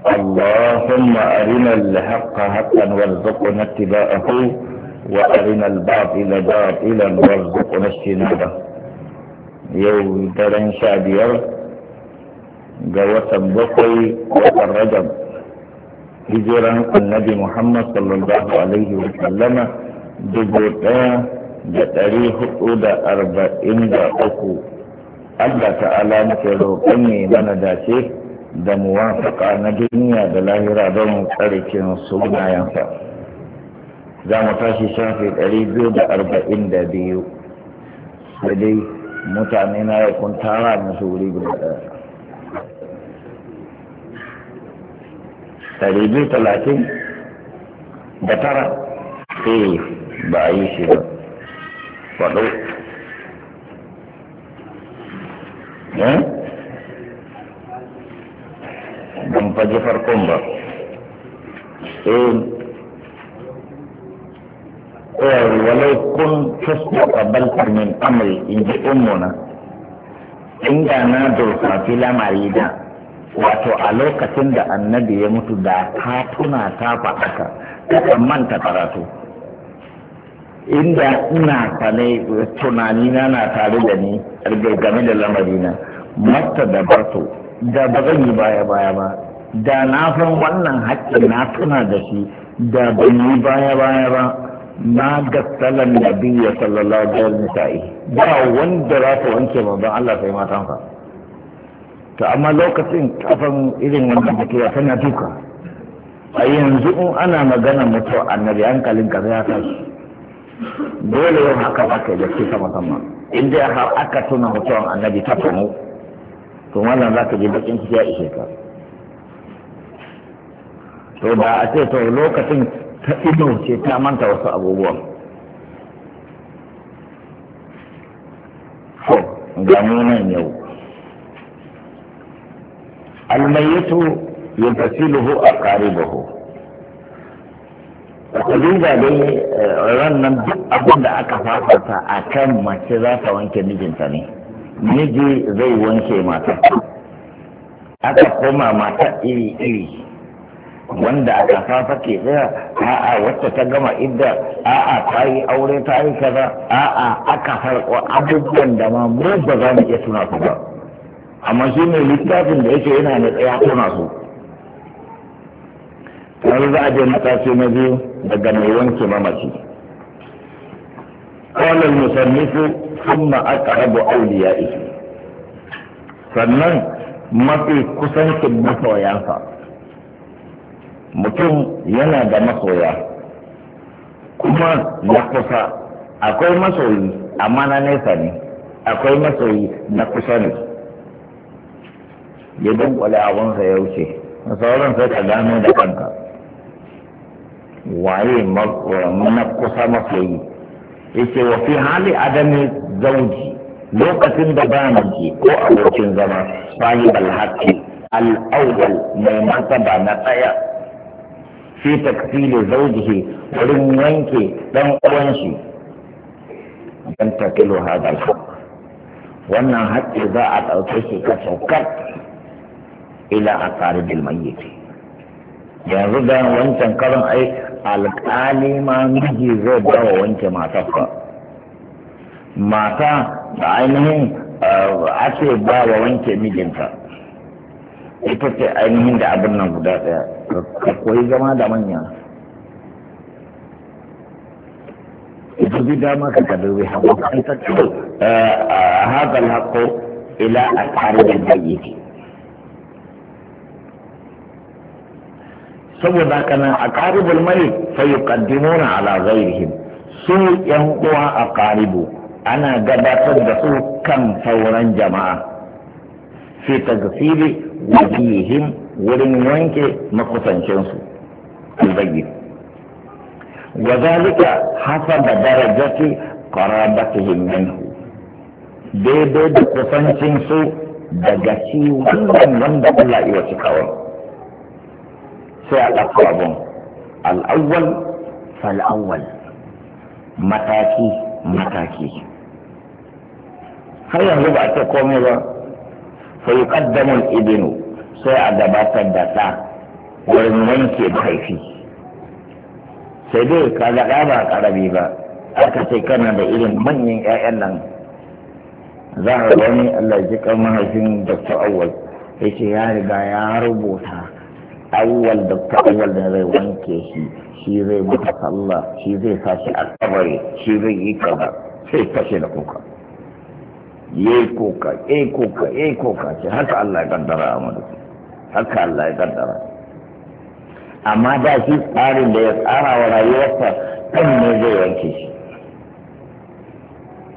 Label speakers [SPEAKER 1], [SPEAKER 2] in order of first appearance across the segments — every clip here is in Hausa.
[SPEAKER 1] اللهم أرنا الحق حقا وارزقنا اتباعه وأرنا الباطل باطلا وارزقنا اجتنابه يوم ترن شابير جوة بقي وترجم هجرا النبي محمد صلى الله عليه وسلم دبوتا بتاريخ أولى أربعين دقيقة الله تعالى مكروه أني من داشيك da muwafaka na duniya da lahira don tsarkin sunayensa za mu tashi shafi ɗari biyu da arba'in da biyu sai dai mutane na ya kun tara musu wuri guda ɗaya ɗari biyu talatin da tara eh ba a yi shi ba faɗo eh?
[SPEAKER 2] ban faji farkon ba
[SPEAKER 1] eh, eh walau kun tusko kabaltar min amri in ji ummuna inda na durfafi lamari da wato a lokacin da annabi ya mutu da ka tuna ta faɗaka ta manta karatu inda ina sane tunani na na tare da ni game da lamarina masta da barto da ba zan yi baya baya ba da na san wannan haƙƙi na tuna da shi da ban yi baya baya ba na gasalan nabiyya sallallahu alaihi wasallam ba wanda za ta wanke don Allah sai matansa to amma lokacin kafan irin wannan mutuwa tana duka a yanzu in ana magana mutuwa annabi hankalin ka haka shi dole yau haka aka da ke sama sama in dai har aka tuna mutuwan annabi ta tumu to wannan za ka je bakin ciki ya ishe ka to ba a ce to lokacin ta ido ce ta manta wasu abubuwan to ga nan yau almayitu yantasiluhu aqaribuhu Khadija dai rannan eh, duk abin da aka fafata a kan mace za ta wanke mijinta ne, miji zai wanke mata. Aka koma mata iri-iri. wanda a kafafa ke tsaya a'a wacce ta gama idda a'a ta yi aure ta yi kaza a'a aka farko abubuwan da ma mu ba za mu iya tuna su ba amma shi ne littafin da yake yana na tsaya tuna su yanzu za a je matashi na biyu daga mai wanke mamaci قال المصنف ثم أقرب أوليائه sannan mafi kusancin masoyansa mutum yana da masoya kuma na kusa akwai masoyi amma na nesa ne akwai masoyi na kusa ne ya dunkule abinsa ya wuce sauran sai ka gano da kanka waye na kusa masoyi yake wa fi hali adami zauji lokacin da ba miji ko abokin zama sahib alhaqi al-awwal mai ba na tsaya fi takfili zaujihi wurin wanke dan uwan shi dan takilu hadal haq wannan haƙƙi za a ɗauke shi ka saukar ila a tsari bilmayyaki yanzu da wancan karin ai alƙali ma miji zai bawa wanke matarsa mata da ainihin ake ba bawa wanke mijinta ita ce ainihin da abin nan guda ɗaya ka koyi zama da manya ita bi dama ka ka dubi hagu ka ta ce hakan eh, haƙo ila a tare da bayyaki saboda haka nan a ƙaribul mai fayuqaddimuna ala ghairihim su yan uwa a ƙaribu ana gabatar da su kan sauran jama'a fi tagfili wajihim wurin wanke makusancinsu albayyin wa zalika hasaba darajati qarabatihim minhu daidai da kusancinsu daga shi wannan wanda Allah ya wace kawai sai a ɗauko abin al'awwal fal'awwal mataki mataki har yanzu ba a ce komai ba fa yuqaddamu al-ibnu sai a gabatar da ɗa wurin wanke mahaifi sai dai kaga ɗa ba ƙarami ba aka ce kana da irin manyan 'ya'yan nan za a wani Allah ji kan mahaifin Dr. Awal ya ce ya riga ya rubuta awwal Dr. Awal da zai wanke shi shi zai mutu Allah, shi zai sa shi a kabari shi zai yi kaza sai fashe da kuka yi koka yi koka yi koka ce haka Allah ya kaddara a mu haka Allah ya kaddara amma da shi tsarin da ya tsara wa rayuwarsa kan ne zai wanke shi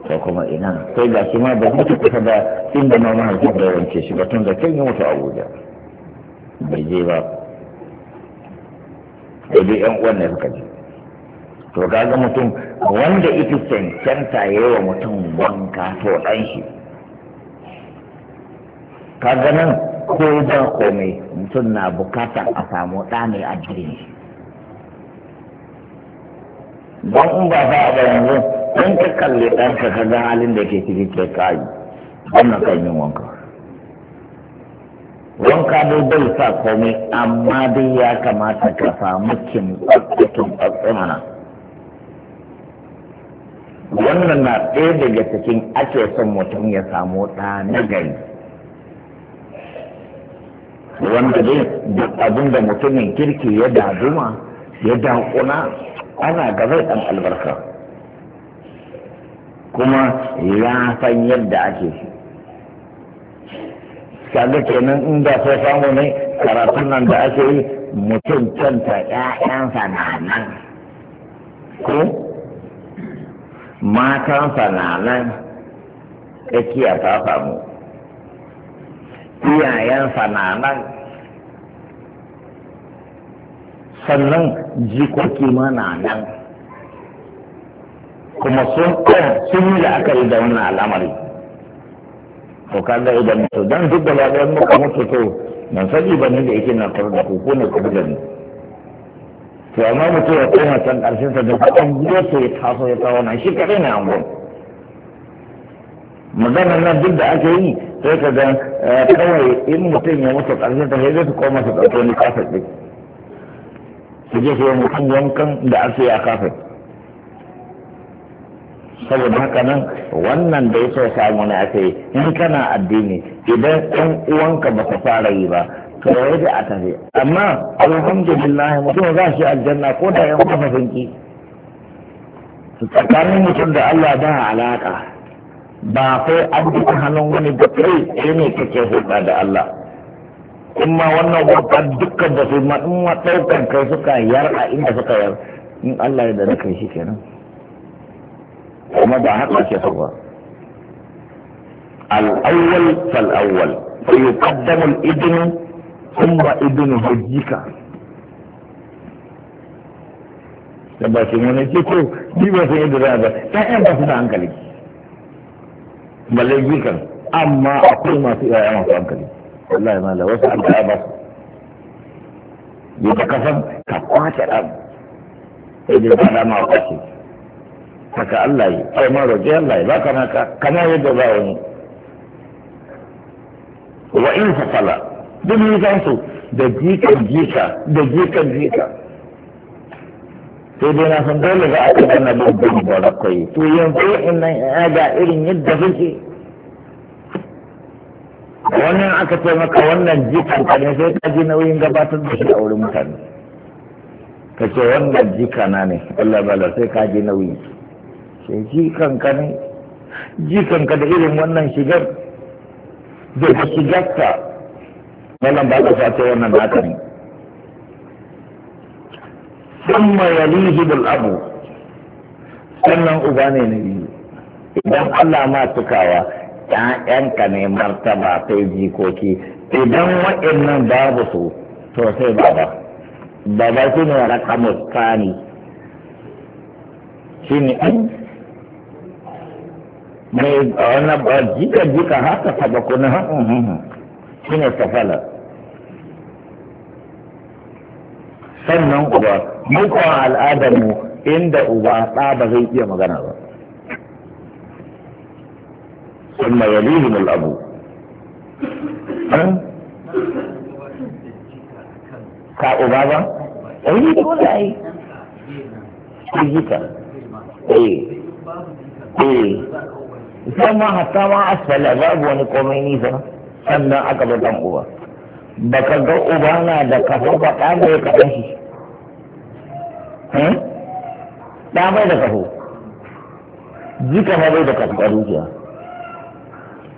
[SPEAKER 1] to kuma ina sai ga shi ma ba mutu kusa da inda ma mahaifin da wanke shi ba tun da kan yi mutu Abuja bai je ba sai dai yan uwan ne suka je to kaga mutum wanda ita cancanta ya wa mutum wanka to ɗan shi kaga nan ko da komai mutum na bukatar a samu ɗa mai addini shi don in ba za a yanzu in ka kalli ɗanka ka ga halin da ke ciki ke kayi wannan kan yin wanka wanka dai bai sa komai amma dai ya kamata ka samu kin tsatsakin tsatsamana wannan na ɗaya daga cikin ake son mutum ya samu ɗa na gari wanda dai duk abin da mutumin kirki ya daduma ya dankuna ana ga zai ɗan albarka kuma ya san yadda ake kaga kenan in da sai samu ne karatun nan da ake yi mutum canta ƴaƴansa na nan ko Matan fananan nan tsakiya ta samu iyayen na sannan jikoki ma na nan kuma sun eh, sun yi la'akari da wannan al'amari ko kaga idan mutu don duk da ba muka mutu to ban sani ba da yake na da ku ko ne ku da ni to amma mutum ya koma can ƙarshen sa da an gudu ya taso ya kawo nan shi kaɗai ne an gudu maganar nan duk da ake yi sai ka ga eh, kawai in mutum ya mutu ƙarshen ta sai su koma su ɗauko ni kafet ɗin su je su yi mutum wankan da sai a kafet saboda haka nan wannan da ya so samu na ake in kana addini idan ɗan uwanka ba ka fara yi ba kawai da a zai amma alhamdulillah mutum za shi aljanna ko da yan kafa sunki tsakanin mutum da Allah ba alaka ba sai an bi hannun wani da kai sai ne kake hulɗa da Allah in ma wannan hulɗa dukkan da su ma in ma kai suka yar a inda suka yar in Allah ya da kai shi kenan kuma ba haka ke so ba al-awwal fal-awwal fa yuqaddamu al-idnu umma ibn hajjika da ba shi wani ce ko ni ba su yadda za ba ƴaƴan ba su da hankali balle jikan amma akwai masu ƴaƴa masu hankali wallahi la wasu alƙa ba su yi ta kasan ka kwace ɗan sai dai ba dama a kwace haka Allah yi ai ma roƙi Allah yi ba kama ka kamar yadda ba wani wa in fasala duk nisan su da jikan jika da jikan jika sai dai na san dole ga aka gana wannan barakwai to yanzu in nan ya ga irin yadda suke wannan aka ce maka wannan jikan ka ne sai ka ji nauyin gabatar da shi a wurin mutane ka ce wannan jika na ne Allah bala sai ka ji nauyi sai jikan ka ne jikan ka da irin wannan shigar da ka? wannan ba ka ce wannan naka ne thumma yalihi bil abu sannan uba ne na biyu idan Allah ma tukawa ƴaƴanka ne martaba sai jikoki idan waɗannan babu su to sai baba baba shi ne rakamu tsani shi ne an mai wani jika jika haka sabakuna hmm, hmm, hmm. shi ne safalar sannan uba mukan al'adarmu inda uba ɗa ba zai iya magana ba sun ma yalihim al'abu hmm? ka uba ba ɗari dole ai jika eh eh sama hatta ma asfala babu wani komai nisa sannan aka bi dan uba baka ga uba na da kafa ba ɗa ya kaɗan shi ɗa bai da kafo jika ma bai da kafa dukiya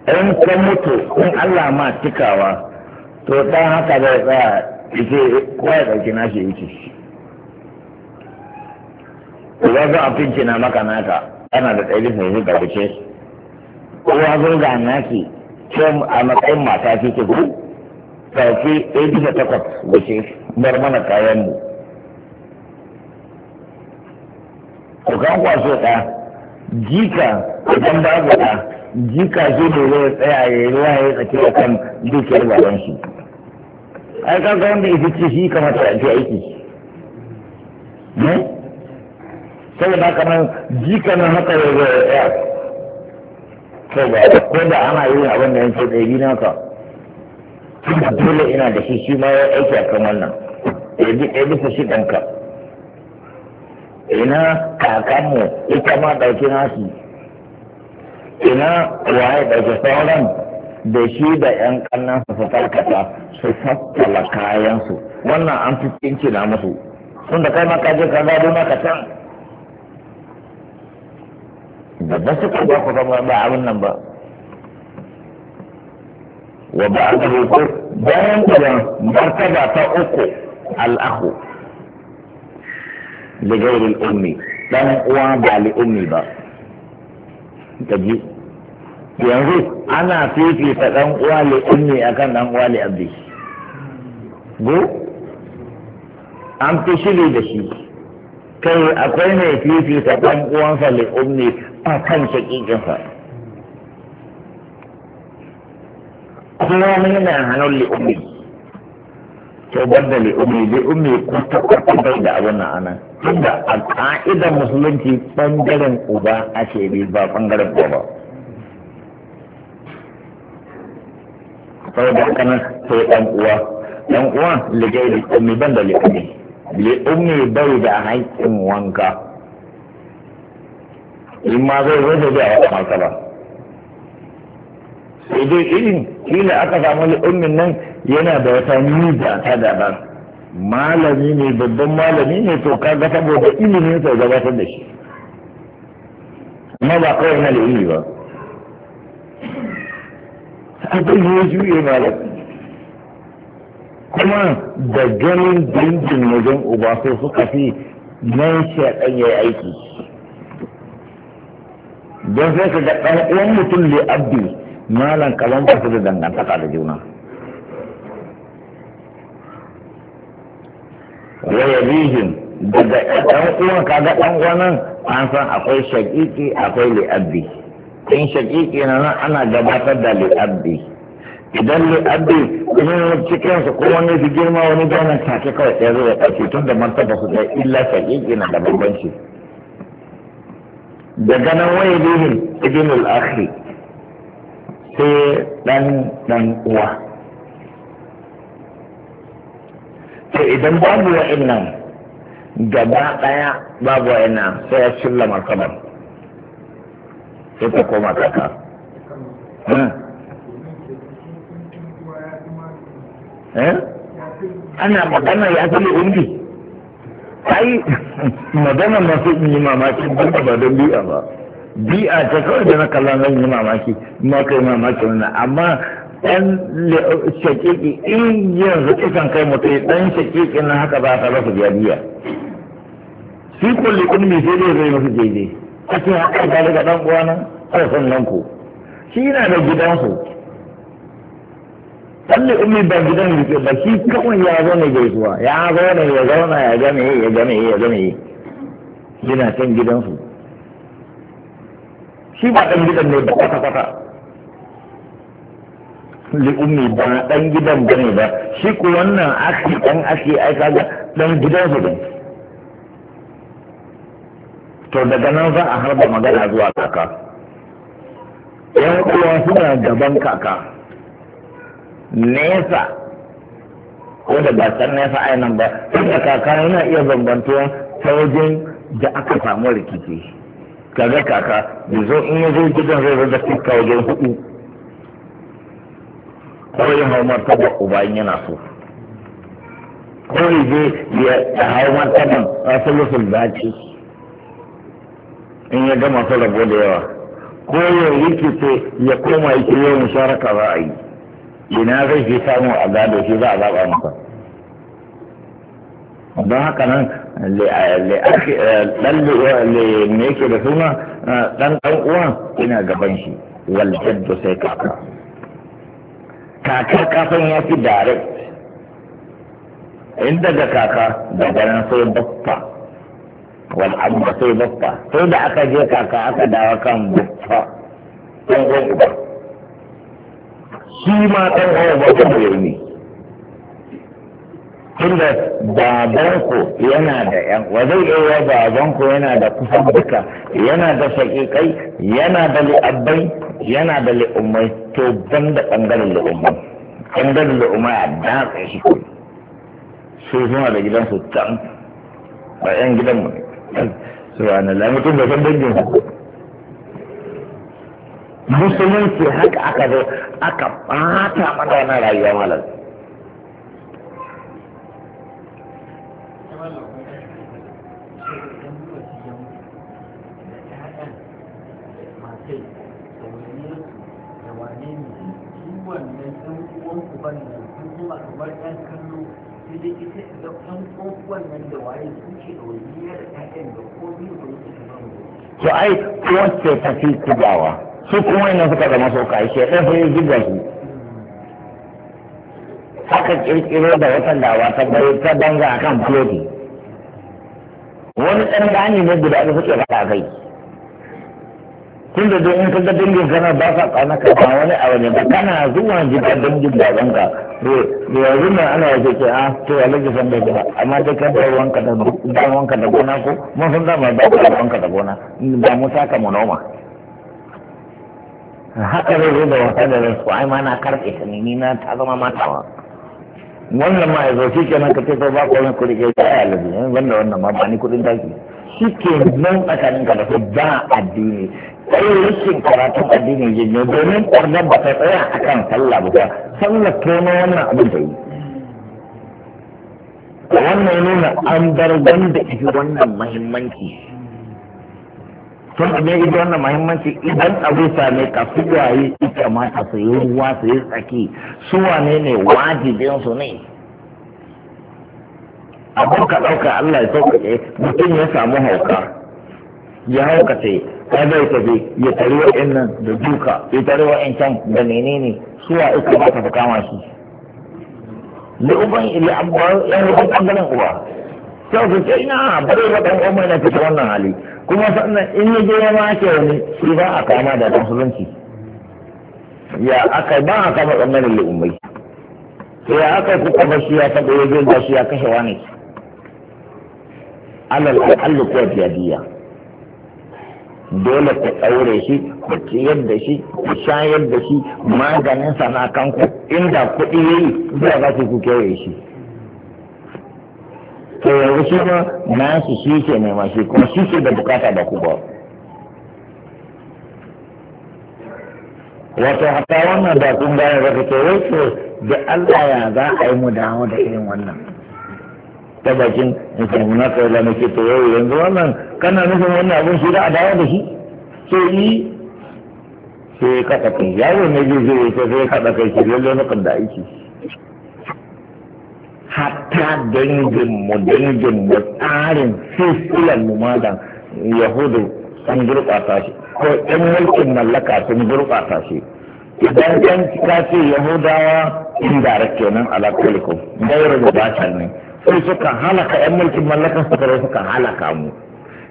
[SPEAKER 1] in ka mutu in Allah ma cikawa to ɗan haka zai tsaya yake kowa ya ɗauki nashi yake idan zo a na maka naka ana da ɗari mai wuce. garbace kowa zo ga naki can a matsayin mata fi ku ɗauki ɗaya bisa takwas da bar mana kayan mu to kan kwaso ɗa jika idan babu ɗa jika shi ne zai tsaya ya yi ruwa ya tsaki a kan dukiyar baban shi ai ka ga wanda ita ce shi kamata a ji aiki ne saboda kamar jika nan haka ya zai tsaya saboda ko da ana yin abin da yanke ɗari na ka dole ina da shi shi ma ya aiki a kan wannan ya bi ɗaya bisa shi ɗanka ina kakanmu ita ma ɗauki nasu ina waye ɗauki sauran da shi da ƴan ƙannan su su farkata su fassala kayansu wannan an fi cinci na musu sun da kai maka je ka gado maka can da ba su kuma ku zama ba abin nan ba wa ba a ko bayan da martaba ta uku al'ahu da gairin ummi dan uwa ba li ummi ba ta yanzu ana fifita dan uwa li ummi akan dan uwa li abdi go an fi shiri da shi kai akwai mai fifita dan uwansa li ummi a kan shakikinsa kuma yana hannun li ummi to banda li ummi li ummi ko ta kwata da abin nan anan tunda a ka'idar musulunci bangaren uba ake bi ba bangaren uba ba saboda haka nan sai dan uwa dan uwa ligai li ummi banda li ummi li ummi bai da haƙƙin wanka in ma zai zo da zai a wata martaba sai dai irin kila aka samu li'ummin nan yana da wata niza ta daban malami ne babban malami ne to ka ga saboda ilimin sai gabatar da shi amma ba kawai na ilimi ba abin yi juye malam kuma da ganin dangin wajen uba so suka fi nan shaɗan ya aiki don sai ka ga ɗan uwan mutum ne abdi Malam kalan ba su da dangantaka da juna waya bihin daga ɗan uwan kaga ɗan uwanan an san akwai shaƙiƙi akwai li'abdi in shaƙiƙi na nan ana gabatar da li'abdi idan li'abdi in cikin su ko wani fi girma wani ganin take kawai ɗaya zai ɗauki tun da martaba su da illa shaƙiƙi na da bambanci daga nan waya bihin ibn al sai ɗan ɗan uwa to idan babu wa'in nan gaba ɗaya babu wa'in nan sai ya shilla martaban sai ta koma kaka hmm. eh? ana magana ya zama umbi ai magana masu yi mamakin ba don biya ba bi'a ta kawai da na kalla zan yi mamaki ma kai mamaki wannan amma dan shakiki in yanzu kai mutum dan shakiki na haka ba ka rasa jariya shi kulli mai sai dai zai musu daidai ake haka ga daga dan uwa nan ku shi yana da gidansu kalli ummi ba gidan yake ba shi kawai ya zama gaisuwa ya zo ya zauna ya game ya game ya game yana can gidansu shi ba ɗan gidan ne ba kwata kwata li ba ɗan gidan ba ne ba shi ku wannan aki ɗan aki ai kaga ɗan gidan su ɗin to daga nan za a harba magana zuwa kaka yan uwa suna gaban kaka nesa ko da ba san nesa ainihin ba da kaka yana iya bambantuwa ta wajen da aka samu rikici kaga kaka da zo in ya zo gidan zai zo da kika wajen hudu kawai hau ta uba in yana so kawai je ya hau martaban rasulusul zaki in ya gama su rabo yawa ko ya rikice ya koma yake yau musharaka za a yi ina zai fi samu a gado shi za a zaba masa don haka nan eh, me yake da suna eh, Dan ɗan uwan ina gaban shi wal jaddu sai kaka Kakar kasan ya fi direct in daga kaka daga nan sai baffa wal amma sai baffa sai da aka je kaka aka dawo kan baffa ɗan uwan shi ma ɗan uwan ne tunda babanku yana da yan zai iya babanku yana da kusan duka yana da shaƙiƙai yana da li'abbai yana da li'ummai to ban da ɓangaren li'ummai ɓangaren li'ummai a datsa shi ko su suna da gidansu can ba yan gidan mu lami mutum da san dangin su musulunci haka aka zo aka ɓata mana wani rayuwa malam
[SPEAKER 3] ko uban ɗan kallo sai dai ita da ɗan nan da waye suke da
[SPEAKER 2] da ai
[SPEAKER 1] wacce ta fi kubawa su kuma yana suka zama sauka shi ɗan sai ya su haka ƙirƙiro da wata dawa ta bai ta danga akan floti wani ɗan gani ne guda da suke faɗa kai tun da in ka ga dangin kana ba sa kauna ka ba wani a wani ba kana zuwa gida dangin baban ka ah, to ya zuma ana wace ke a to ya san da amma dai ka bar wanka da dan wanka da gona ko mun san dama ba ka wanka da gona ba mu saka mu noma haka zai zo da wasa da rasu ai ma na karɓe ta ni na ta zama matawa wannan ma ya zo shi kenan ka ce ko ba ko ku rike ta ya lage wanda wannan ma ba ni kudin taki shi ke nan tsakaninka da su ba addini kai rikin karatun addinin jinyo domin ƙwarnar ba ta tsaya a kan sallah ba sallah tono wannan abin da yi wannan nuna an bar wanda ita wannan mahimmanci sun abu ya wannan mahimmanci idan abu same ka su waye ita mata su yi ruwa su yi tsaki su wane ne wajibinsu ne abin ka ɗauka Allah ya sauƙaƙe mutum ya samu hauka ya haukace kada ya tafi ya tari wa'in nan da duka ya tari wa'in can da menene suwa uku ba ta kama shi da uban ila abuwa yan rufin ɓangaren uba sau su ce ina bari ba ɗan uwa yana fita wannan hali kuma sannan in ya je ya mace wani shi ba a kama da ɗan ya aka ba a kama ɓangaren li'ummai sai ya aka kuka ba shi ya taɓa ya zai ba shi ya kashe wani alal al'allu ko dole ku ɗaure shi ku ciyar da shi ku shayar da shi maganin sana kanku inda kuɗi ya yi zuwa za ku kewaye shi to yanzu shi ma na shi shi ke nema shi kuma shi ke da bukata da ku ba wato haka wannan da kun gane zaka ke wai da Allah ya za a yi mu dawo da irin wannan ta bakin mutum na da nake ke to yau yanzu wannan kana nufin wannan abin shi da a dawo da shi sai yi sai ya kaɗa kai yaro ne zai zai sai sai ya kaɗa kai shi lalle na kan da aiki hatta dangin mu dangin mu tsarin fifilan mu da yahudu sun gurɓata shi ko ɗan mulkin mallaka sun gurɓata shi idan kan ka ce yahudawa indirect kenan ala kullikum gairu da bashar ne sai suka halaka yan mulkin mallakan su kare suka halaka mu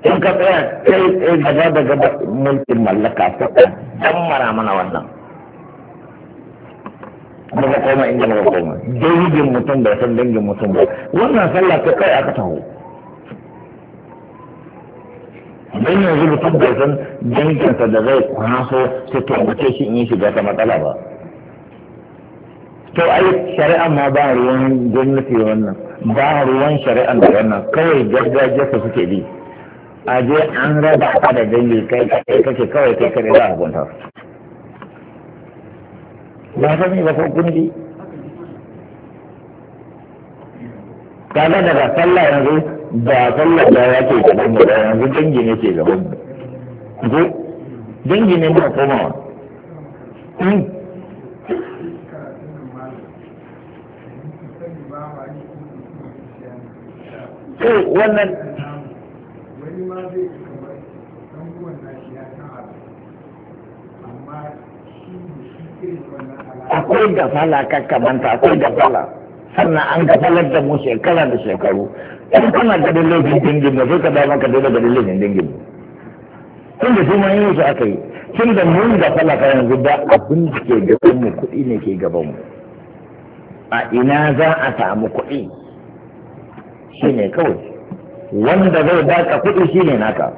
[SPEAKER 1] in ka tsaya kai tsaye gaba da gaba mulkin mallaka dan mara mana wannan muka koma inda muka koma dangin mutum da san dangin mutum ba wannan sallah ta kai aka taho don yanzu mutum da san sa da zai kwaso sai wuce shi in yi shiga ta matsala ba to ai shari'a ma ba ruwan gwamnati wannan ba ruwan shari'an da wannan kawai gargajiya su suke bi a je an raba ka da dangi kai kai kake kawai kai kare za a gunta ba ta ne ba ko kundi kaga daga sallah yanzu ba sallah da ya ke gaban mu da yanzu dangi ne ke gaban mu dangi ne muna komawa
[SPEAKER 2] hmm?
[SPEAKER 3] wannan
[SPEAKER 1] akwai gafala kakkamanta akwai gafala sannan an gafalar da mu shekara da shekaru in kana gadin laifin dingin da sai ka dama ka daina gadin laifin dingin tun da su ma yi su aka yi tun da mun gafala ka yanzu da abin da ke gaban mu kuɗi ne ke gaban mu a ina za a samu kuɗi shi ne kawai wanda zai baka kuɗi shi ne naka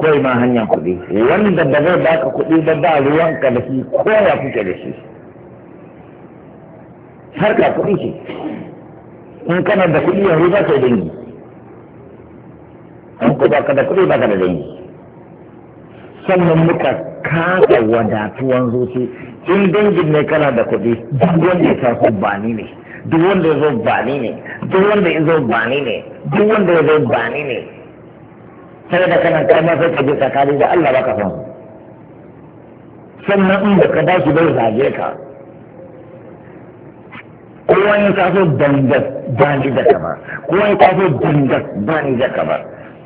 [SPEAKER 1] kawai ma hanyar kuɗi wanda ba zai baka kuɗi ba ba ka da shi ko ya kuke da shi har ka kuɗi ce in kana da kuɗi yanzu ba ka yi dangi in ko ka da kuɗi ka da dangi sannan muka kasa wadatuwan zuci in dangin ne kana da kuɗi duk wanda ya taso ba ni ne duk wanda ya zo bani ne duk wanda ya zo ba ne duk wanda ya zo ba ne sai da kana kai ma sai ka je tsakani da Allah baka san sannan in da ka dace bai zage ka kowa ya taso dangas ba ni da kama kowa ya taso dangas ba ni da kama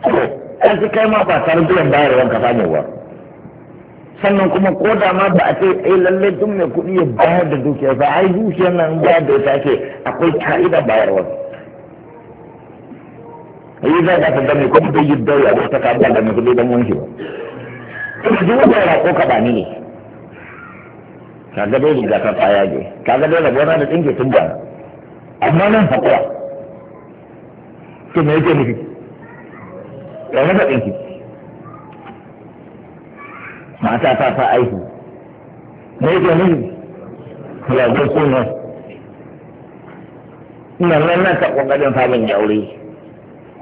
[SPEAKER 1] to kai kai ma ba tare da bayarwan ka samu ba sannan kuma ko da ma ba a ce ai eh, lalle duk mai kuɗi ya bayar da dukiya ba ai dukiyar nan ba da ta ce akwai ka'ida bayarwa yi za ka ga mai kuma bai yi dauya wata ka kaɗa da mai kuɗi don wanke ba duk wanda ya ko ka bani ne kaga dai da ka faya je kaga dai rabona da tsinke tun ba amma nan hakura to me yake nufi ya maka tsinke mata ta fa aiki me ke nuni ya zo ne ina nan nan ta kokarin samun yaure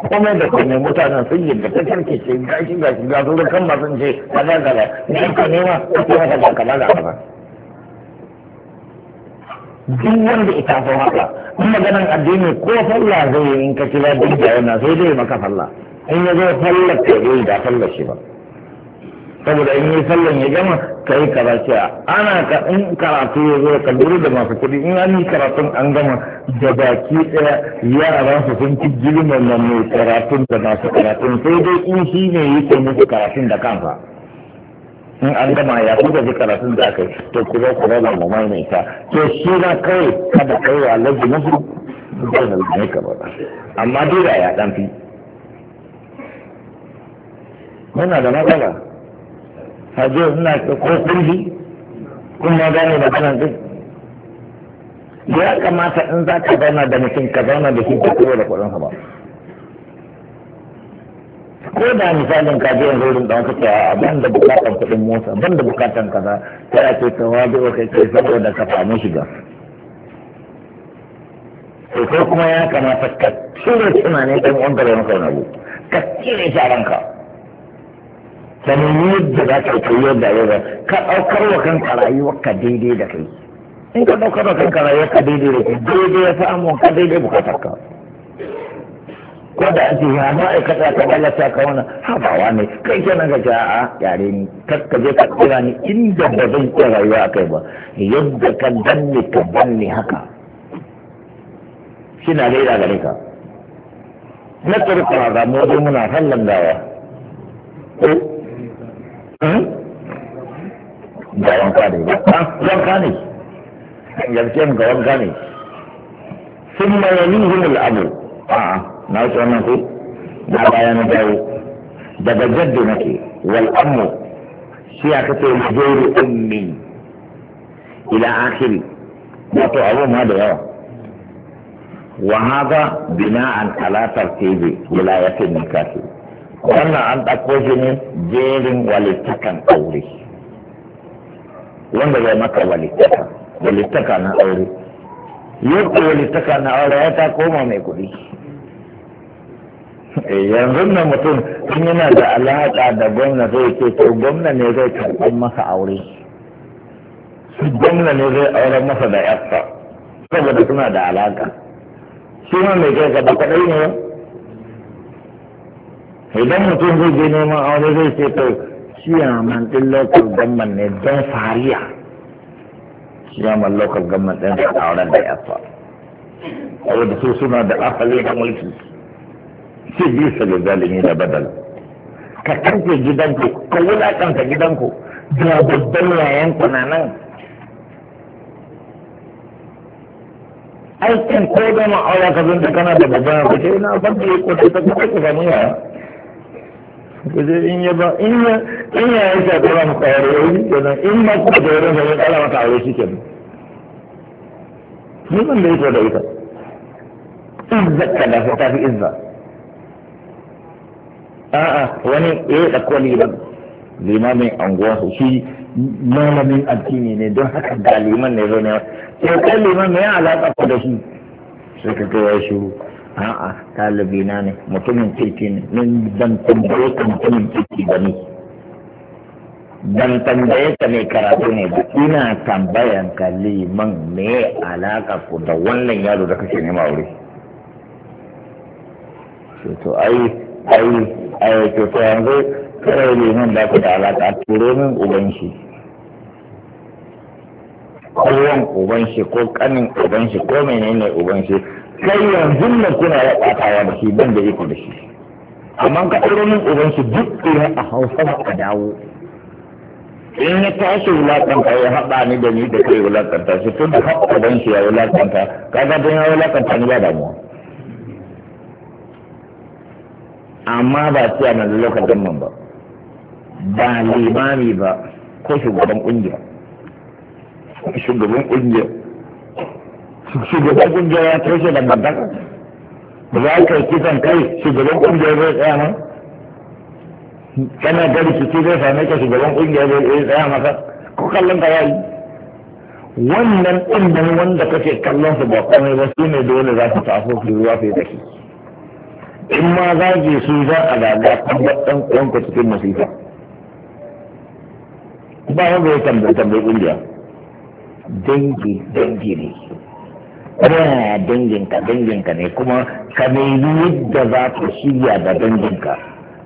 [SPEAKER 1] kuma da ne mutanen sun yi da ta tarke ce ga shi ga su kan ba sun ce kaza ga ne ka nema ko kuma kaza kaza da kaza duk wanda ita so haka in maganan addini ko falla zai yi in ka kira duk da wannan sai dai maka falla in ya zo sallar ka yi da sallar shi ba saboda in yi sallan ya gama ka yi karatu ana ka in karatu ya zo ka duru da masu kuɗi in an yi karatun an gama da baki ɗaya yaran su sun ci girman nan mai karatun da masu karatun sai dai in shi ne yake musu karatun da kansa in an gama ya kuka ji karatun da aka yi to kuma zo ku raba mu ta to shi na kawai kada kai wa alhaji musu zai zalgane ka ba amma dai da ya ɗan fi muna da matsala hajo suna ko kun kuma gane da kanan zai ya kamata in za ka zauna da mutum ka zauna da shi ka da kuɗinsa ba ko da misalin ka je yanzu wurin ɗan kake a ban da bukatan kuɗin motsa ban da bukatan kaza ta ya ce ka waje kai kai saboda ka samu shiga to ko kuma ya kamata ka cire tunanin ɗan wanda na maka ka cire sharanka ka nemi yadda za ka kai yadda ya zai ka ɗaukar wa kanka rayuwar ka daidai da kai in ka ɗaukar wa kanka rayuwar ka daidai da kai daidai ya samu ka daidai bukatar ka ko da ake amma ba a kasa ka lalata ka wani habawa ne kai ke nan gaji a yare ni ka je ka tsira ni inda ba zan iya rayuwa a kai ba yadda ka danne ka danne haka shi na daidai gare ka na tsirka ga mu muna sallan gawa جاوان كاني جاوان كاني ثم يليهم الأمر آه ناوش عمان خي ما بايان جاو دقا جد نكي والأمر شيا كتير مجور إلى آخر وهذا بناء على ترتيب ولاية المكاتب wannan an ɗauko shi ne jerin walittakan aure wanda zai maka walittaka walittaka na aure yau walittaka na aure ya ta koma mai kuɗi eh, yanzu na mutum tun yana da alaƙa da gwamna zai ce to gwamna ne zai karɓar masa aure gwamna ne zai aure masa da yasta saboda suna da alaƙa shi ma mai kai gaba kaɗai ne idan mutum zai je neman aure zai ce to ciyaman ɗin local government ne don fariya ciyaman local government ɗin da auren da ya fa saboda su suna da asali na mulki ce bisa ga zalimi da badal ka kanke gidanku ka wula wulaƙanta gidanku da babban yayan na nan aikin ko gama aure ka zunta kana da babban ku ce na fadi ko ta ta ku samu yaya kuje in ya ba in ya in ya yi ta kala maka aure shi kenan in ma ku da wurin da ya kala maka aure shi kenan ni ban da yake da ita izza ka da ta fi izza a'a wani eh da koli ba limamin anguwa shi malamin addini ne don haka ga liman ne zo ne sai kai liman me ya alaka da shi sai ka ga ya shiru a'a talibi na ne mutumin kirki ne nan ban tambaye ka mutumin kirki ba ne ban tambaye ka ne karatu ne ba ina tambayan ka liman me alaka ku da wannan yaro da kake nema wuri to ai ai ai to yanzu kare liman da ku da alaka turo min uban kowan uban shi ko kanin uban shi ko menene uban shi kai yanzu ne kuna ya ɓatawa da shi ban da iko da shi amma ka ɗaure min uban shi duk ɗaya a hausa ba ka dawo in ya tashi wulakanta ya haɗa ni da ni da kai wulakanta shi tun da haɗa uban shi ya wulakanta kaga don ya wulakanta ni ba damuwa amma ba sai a nan lokacin nan ba ba limami ba ko shugaban ƙungiya shugaban kungiyar shugaban kungiyar ya tashi da bandaka ba za ka yi kisan kai shugaban kungiyar zai tsaya nan kana gari rikici zai same ka shugaban kungiyar zai tsaya masa ko kallon ka yayi wannan kungiyar wanda kake kallon su ba komai ba su ne dole za su taso su ruwa su da shi in ma zage su za a zaga kan ɗan ɗan cikin masifa ba wanda ya tambaye tambaye kungiyar dangi dangi ne yana danginka danginka ne kuma ka nemi yadda za ku shirya da danginka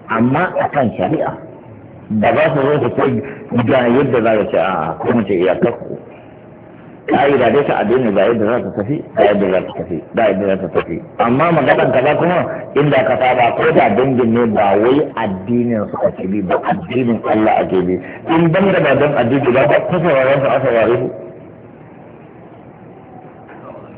[SPEAKER 1] amma a kan shari'a ba za su zo su kai ga yadda za ka ce a ko kuma ce iyakar ku ka'ida dai ta addini ga yadda za ka tafi ga yadda za ka tafi ga yadda za ka tafi amma maganar kaza kuma inda ka saba ko da dangin ne ba wai addinin su ake bi ba addinin Allah ake bi in ban da ba don addini ba ba kusa sauraron su a saurare ku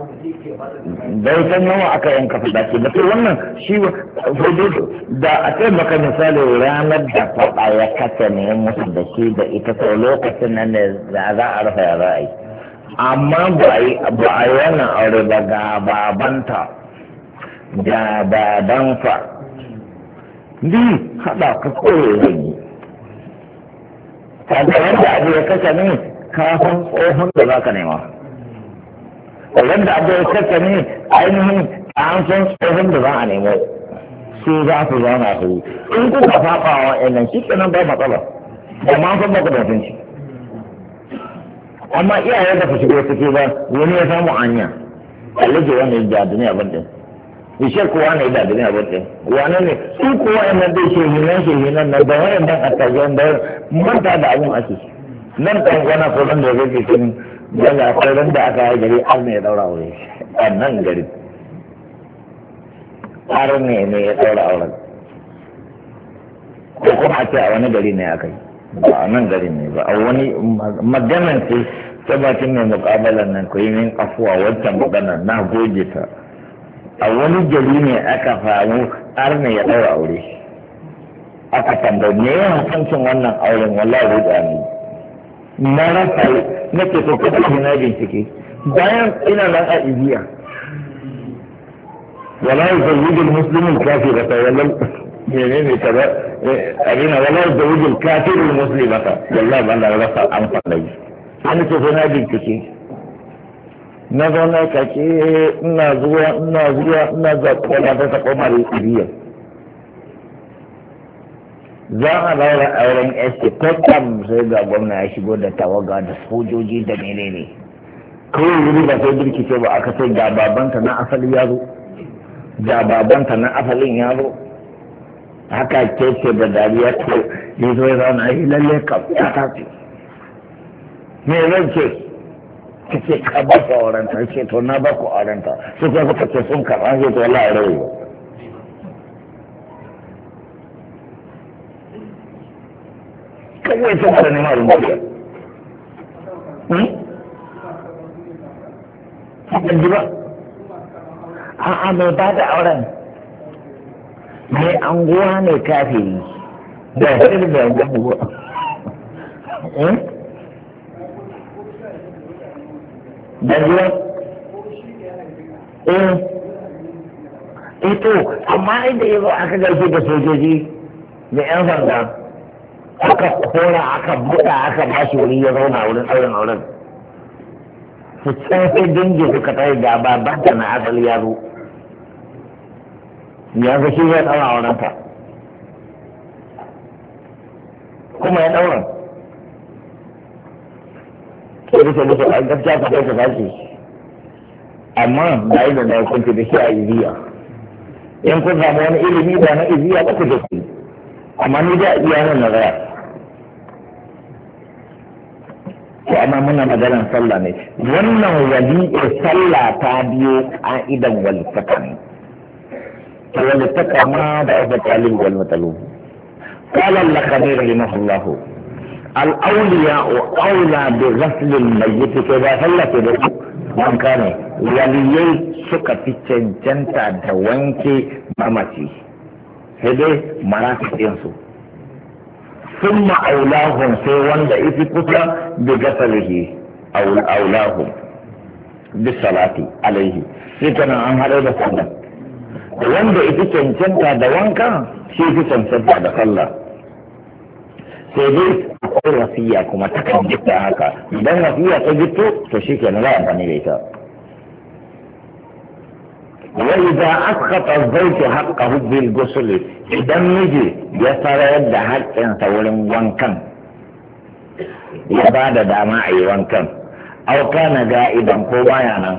[SPEAKER 2] bai san
[SPEAKER 1] nawa aka yanka fada ce mutum wannan shi hududu da a kai maka misali ranar da faɗa ya kasa ne musu da shi da ita sau lokacin nan ne za a rufe ya za yi amma ba a yi wannan aure ba ga babanta da babansa ni haɗa ka kore zan yi da wanda abu ya kasa ne kafin tsohon da za ka nema da abu ya saka ne ainihin an san tsohon da za a nemo su za su na su in kuka fafa wa ɗan shi kenan ba matsala ba ma san baka da shi amma iyayen da ku shigo ciki ba wani ya samu anya alaji wani da duniya ban din ishe kowa ne da duniya ban din wani ne su kowa yana da ke shehinan nan da ɗan a attajiyan da manta da abin ake nan ɗan wani ko da da zai ke yalla akwai ran da aka yi gari an ne daura aure a nan gari har ne ne ya daura auren ko kuma a ce a wani gari ne aka yi ba a nan gari ne ba a wani maganan ce bakin mai mukabalan nan ko yi min afuwa wancan magana na goge ta a wani gari ne aka faru har ne ya daura wuri aka tambaye me ya wannan auren wallahi da ne na rasa nake so kada shi na bincike bayan ina nan a ibiya wala yuzawwijul muslimul wala menene kaza abin wala yuzawwijul kafirul ta wallahi ban da rasa an faɗa an ce na bincike na zauna kake ina zuwa ina zuwa ina zuwa kuma ta ta koma da ibiya za a daura auren sk kwakwam sai ga gwamna ya shigo da tawaga da sojoji da menene kawai wuri ba sai ce ba aka sai ga babanta na asali ya zo ga babanta na asalin ya zo haka keke da dariya ko ya zo ya zauna yi lalle ka ya tafi me zan ce ka ce ka ba ku aurenta ce to na ba ku aurenta su kuma suka ce sun karɓa sai to wala rai ba
[SPEAKER 2] kawai sun fara neman abin duniya hmm? ban
[SPEAKER 1] ba a'a mai ba da auren mai anguwa ne kafiri da shirin da anguwa da hmm? ruwa eh. eh to amma inda yi zo aka garfe da sojoji da yan sanda aka kora aka buɗa aka bashi wuri ya zauna wurin auren auren su can sai dangi suka tare da ba ta na asali ya zo ya ga shi ya ɗaura auren ta kuma ya ɗaura sai bisa bisa a gaskiya ka kai ka sashi amma da yi da na hukunci da shi a iziya in kun samu wani ilimi ba na iziya ba ku da shi amma ni da iya nan na zaya dama muna maganar sallah ne wannan wani sallah ta biyo ka'idan walittaka ne walittaka ma da aka talib wal da rasulun اللقبي رحمه الله ba sallah ke da su هلا كده من كان وليي سكة في تشنتا دوانكي مامتي هذه mara su summa aulahum sai wanda yafi kusa bi gafalihi aw bi salati alaihi sai kana an hada da sunna wanda yafi cancanta da wanka shi yafi cancanta da sallah sai dai akwai wasiya kuma takan jikta haka idan wasiya ta jikto to shi kenan za a amfani da ita وإذا أسقط الزوج حقه بالغسل إذا مجي يسر يد حق سول وانكم يبعد دماء وانكم أو كان جائدا قوما يعني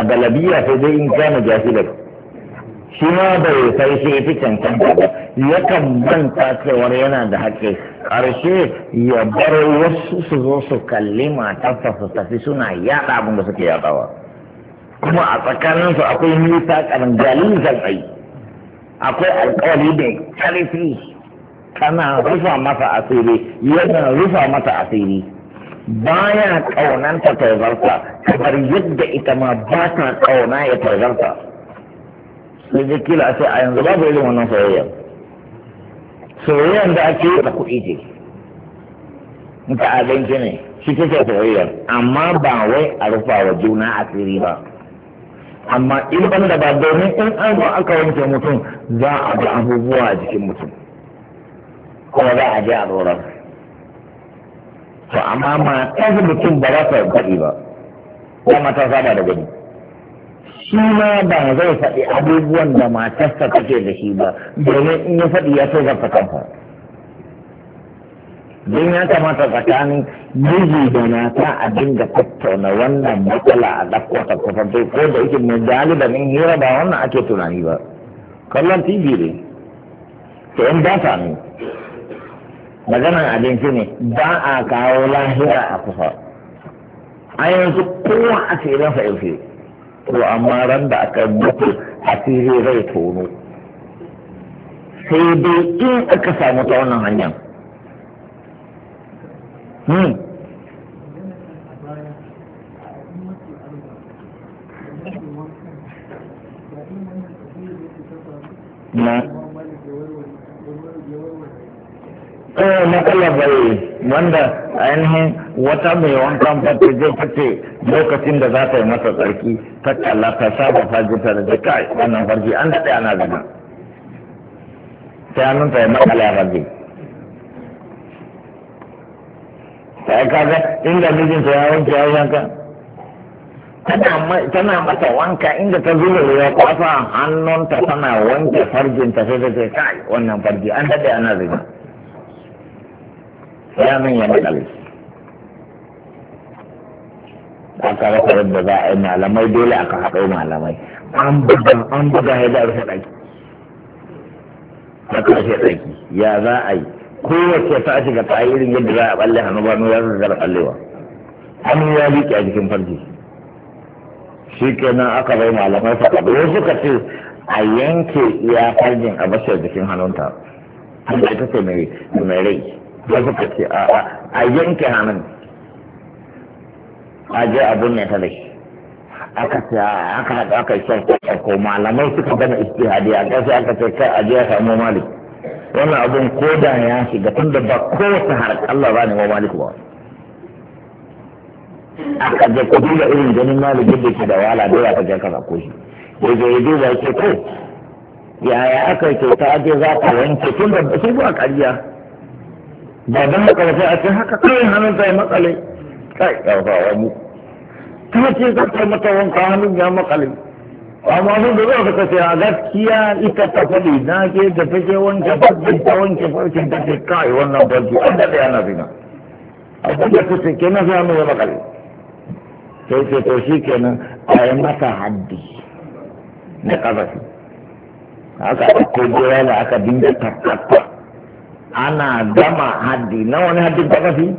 [SPEAKER 1] الغلبية في ذي إن كان جاهلا shi ma bai sai shi fi cancanta ba yakan ban cewar yana da haƙƙi ƙarshe ya bar wasu su zo su kalli matarsa su tafi suna yaɗa abin da suke yaɗawa. kuma a tsakaninsu akwai nisa karin zan ai akwai alkawari da karfi Kana rufa masa asiri yana rufa mata asiri baya kaunanta taibarsa kamar yadda ita ma ba ta kauna ya taibarsa da kila sai a yanzu babu irin wannan soyayya soyayyar da ake yi da kuɗi ce ta abinci ne shi ta soyayyar amma ba wai a rufa wa juna asiri ba amma in ban da ba domin in an zo aka wanke mutum za a ga abubuwa a jikin mutum kuma za a ji a tsoron to amma matar mutum ba za ta faɗi ba ko mata saba da gani shi ma ba zai faɗi abubuwan da matarsa take da shi ba domin in ya faɗi ya so zarta kansa don ya kamata tsakanin miji da mata a dinga tattauna wannan matsala a dakwata kusanto ko da yake mai min hira ba wannan ake tunani ba kallon tv ne to in data ne maganan abinci ne ba a kawo lahira a kusa a yanzu kowa asirinsa yake to amma ran da aka mutu a asiri zai tono sai dai in aka samu ta wannan hanyar Hmm.
[SPEAKER 3] na matsala eh,
[SPEAKER 1] bai wanda ainihin wata mai wankan fata zai fice lokacin da za ta yi masa tsarki ta kalla ta saba fajita da jika wannan farji an daɗe ana zama sai ta ya matsala farji ta eh, kaza inda mijinta ya wanke ya yanka tana mata wanka inda ta zuba ruwa kwafa hannunta tana wanke ta sai ta ce kai wannan farji an daɗe ana zina ya min ya matsale da aka rasa yadda za a yi malamai dole aka haɗo malamai an buga an buga ya da rufe ɗaki ya kashe ɗaki ya za a yi kowace ta shiga ta irin yadda za a balle hannu ba ya zara ballewa hannu ya liƙe a jikin farji shi kenan aka bai malamai faɗa da wasu ka ce a yanke iya farjin a bashi a jikin hannunta da ita ce mai rai wasu ka ce a yanke hannun a je abun ne ta shi aka ce aka haɗa aka yi shan ko malamai suka gana istihadi a ƙasa aka ce kai a je a samu malik wannan abun ko da ya shiga tun da ba kowace har Allah ba ne wa maliku ba
[SPEAKER 2] aka ga ku duba
[SPEAKER 1] irin ganin malikin da ke da wahala da ya ta ga kaza ko shi ko zo ya duba ya ce ko yaya aka ce ta aje za ka wanke tun da ba shi ba ƙarya ba don makarfi a ce haka kai hannun zai makale kai ya fa wani ta ce za ta mata wanka hannun ya makale amma sun da zuwa suka ce a gaskiya ita ta faɗi na ke da take wanke farkin ta wanke farkin ta ce kai wannan farki an da tsaya na zina abin da ta ce kenan sai hannu ya makale sai ce to shi kenan a yi masa haddi na ƙazafi aka ɗauko jira da aka dinga tattata ana gama haddi na wani haddin ƙazafi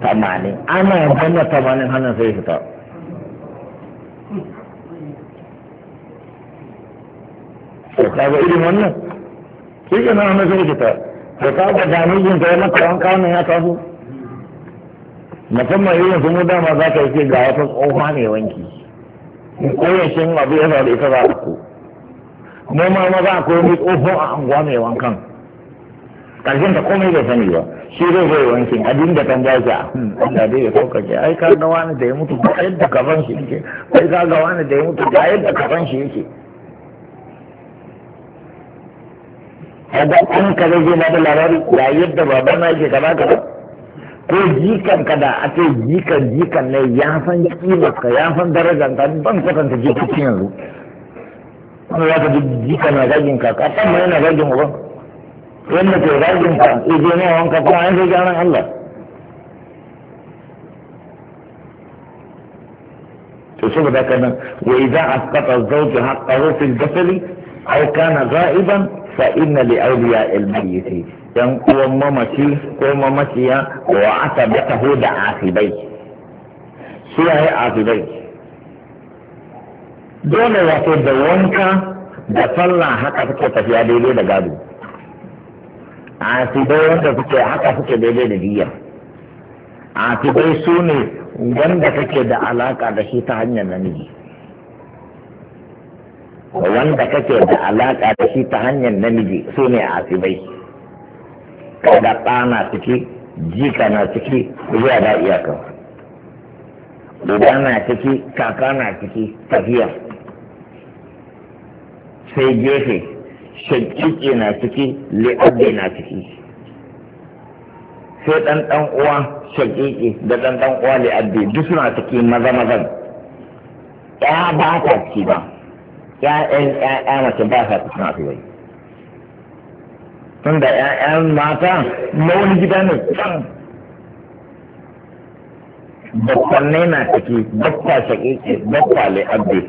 [SPEAKER 1] tamanin ana gama tamanin hannun sai fita Ka kaga irin wannan shi ke nan mai rikita to kaga da mijin ta maka an kawo ya taso musamman irin su mu dama za ka yi ce ga wata tsohuwa ne wanki koyashin abu ya faru ita za a ko mu ma maza ko mu tsoho a anguwa mai wankan karshen ta komai bai sani ba shi zai zai wankin a da kan shi a ah, da dai ya sauƙaƙe ai ka ga wani da ya mutu ga yadda kafan shi yake ai ka ga wani da ya mutu ga yadda kafan shi yake kaga an ka zai je na da labari ya yadda baba na yake kaza kaza ko jikan ka da a ce jikan jikan ne ya san kimar ka ya san darajar ka ban kwatanta jikokin yanzu wani za ka ji jikan na zagin ka ka san ma yana zagin uban wanda ke zagin ka ije ne wanka kuma an zai gyaran Allah to saboda haka nan wa idan asqata zawju haqqahu fil jasadi aw kana ghaiban fa inna li awliya al mayyit yan uwan mamaci ko mamaciya wa asabatahu da asibai su yayi asibai dole wato da wanka da sallah haka suke tafiya daidai da gado asibai wanda suke haka suke daidai da diya asibai su ne wanda kake da alaka da shi ta hanyar namiji wanda kake da alaka da shi ta hanyar namiji su ne a asibai kada na ciki jika na ciki zuwa da iyaka uba na ciki kaka na ciki tafiya sai gefe shakiki na ciki li'abdi na ciki sai ɗan ɗan uwa shakiki da ɗan ɗan uwa li'abdi duk suna ciki maza mazan ya ba ta ciki ba ‘ya'yan ‘ya'ya mace ba sa cikin asibai tun da ‘ya'yan mata na wani gida ne can bakwanne na ciki bakwa shaƙiƙe bakwa li'abdi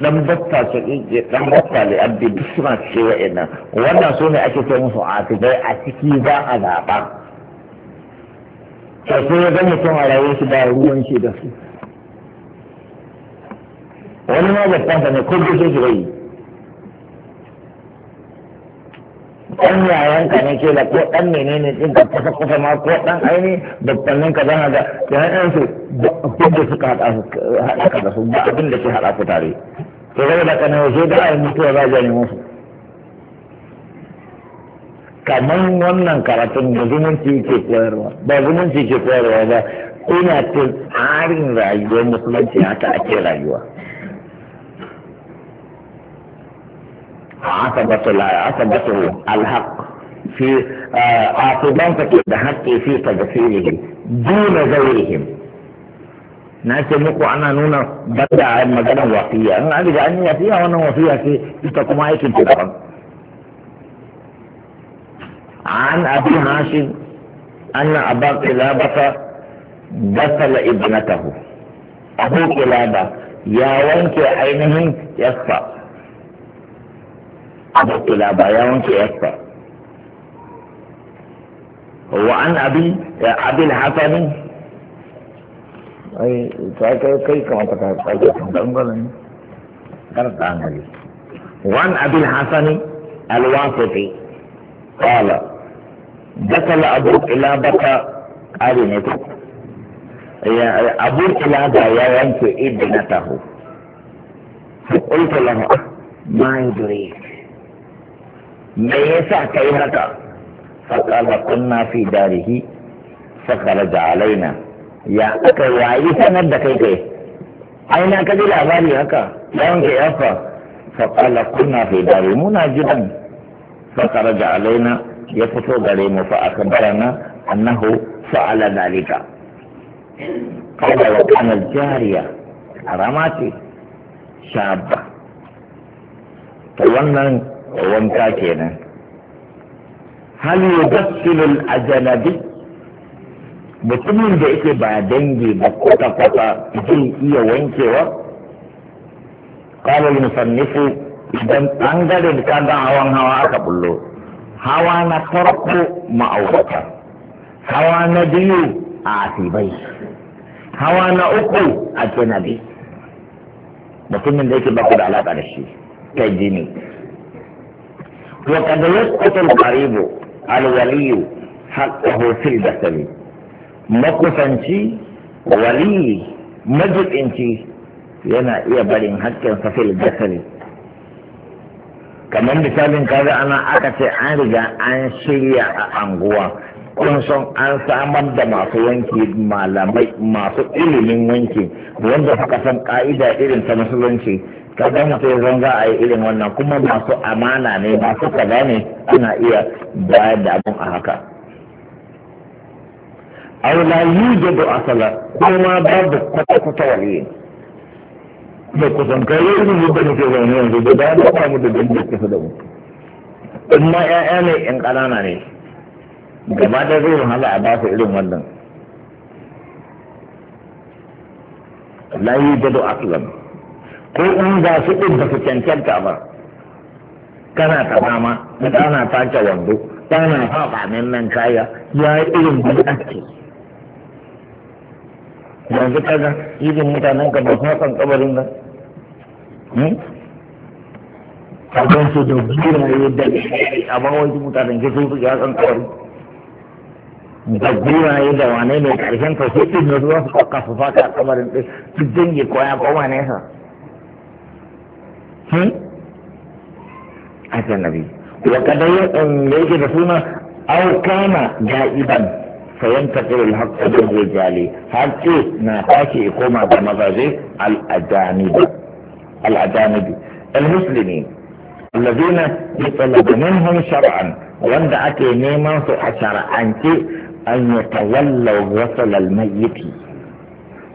[SPEAKER 1] dan bakwa shaƙiƙe dan bakwa li'abdi duk suna cike ina. wannan su ne ake kai musu asibai a ciki ba a zaɓa
[SPEAKER 2] sai ya ga mutum a rayuwar shi ba
[SPEAKER 1] ruwan shi da su wani ma babbansa ne ko bishe shi bai ɗan yayan ka ne ke ko ɗan menene ɗin ka kusa kusa ma ko ɗan aini babbannin ka zana da yayan su abin da suka haɗa ka da su ba abin da ke haɗa ku tare to zai da kanin wasu da a yi mutuwa za a jani musu kamar wannan karatun da zumunci ke koyarwa ba zumunci ke koyarwa ba ina tun tsarin rayuwar musulunci haka ake rayuwa عتبة عتبته الحق في عاقبتك بحقي في تدخيله دون غيرهم na ce muku ana nuna banda a maganar wasiya in an riga an yi wasiya wannan wasiya ce ita kuma aikin ta daban an abi hashim anna abba qilabata dasala ibnatahu abu qilaba ya wanke ainihin yassa abdullah ba ya wanke yasta wa an abi abin hasanin ai ta kai kai kamata ka tsaya kan dangane ta hankali وعن أبي الحسن الواسطي قال دخل أبو قلابة قرنته أبو me yasa kai haka faƙala kunna fi darihi faƙala da alaina ya aka wayi sanar da kai kai aina ka ji labari haka yawan ke yafa faƙala kunna fi dari muna jiran. faƙala da alaina ya fito gare mu fa aka barana annahu fa'ala dalika kada wa kana jariya a ce. shabba to wannan wanka kenan hal yudassilu al-ajnabi mutumin da yake ba dangi ba kwata kwata zai iya wankewa qala al-musannifu idan bangaren kaga hawan hawa aka bullo hawa na farko ma'aurata hawa na biyu a asibai hawa na uku a janabi mutumin da yake ba ku da alaƙa da shi ta jini وقد يسقط القريب الولي حقه في البسل مكفنشي ولي مجبنشي yana iya barin haƙƙinsa fil gasari kamar misalin kaza ana aka ce an riga an shirya a anguwa kun san an samar da masu wanki malamai masu ilimin wanki wanda suka san ka'ida irin ta musulunci ka ga mutum zan za a yi irin wannan kuma masu amana ne masu kaza ne ana iya bayar da abin a haka aw la yujadu sala kuma babu kwata kwata waliyin da kusan kai irin yadda ke zaune yanzu da bayan da ba mu da kusa da mu in ma 'ya'ya ne 'yan ƙanana ne gaba da zai wahala a basu irin wannan la yi jado aslam ko in za su ɗin ba su cancanta ba kana ta fama kana ta wando kana fafa nan kaya ya yi irin bil'anci yanzu kaga irin mutanen ka ba su hakan kabarin ba hmm? kagan su da guraye da a ba wani mutanen ke sun suke hakan kabarin
[SPEAKER 2] da guraye da wane ne karshen
[SPEAKER 1] ta su ɗin da zuwa su kwakka su faka kabarin ɗin su dange koya koma nesa hmm? nabi ya in um, yake da suna au kana ga'iban fayanta fil haqq bil rijali hakki na take koma da mazaje al ajanib al ajanib al muslimin alladhina yatalabu minhum shar'an wanda ake neman su a shar'ance an yatawalla wasal al mayyit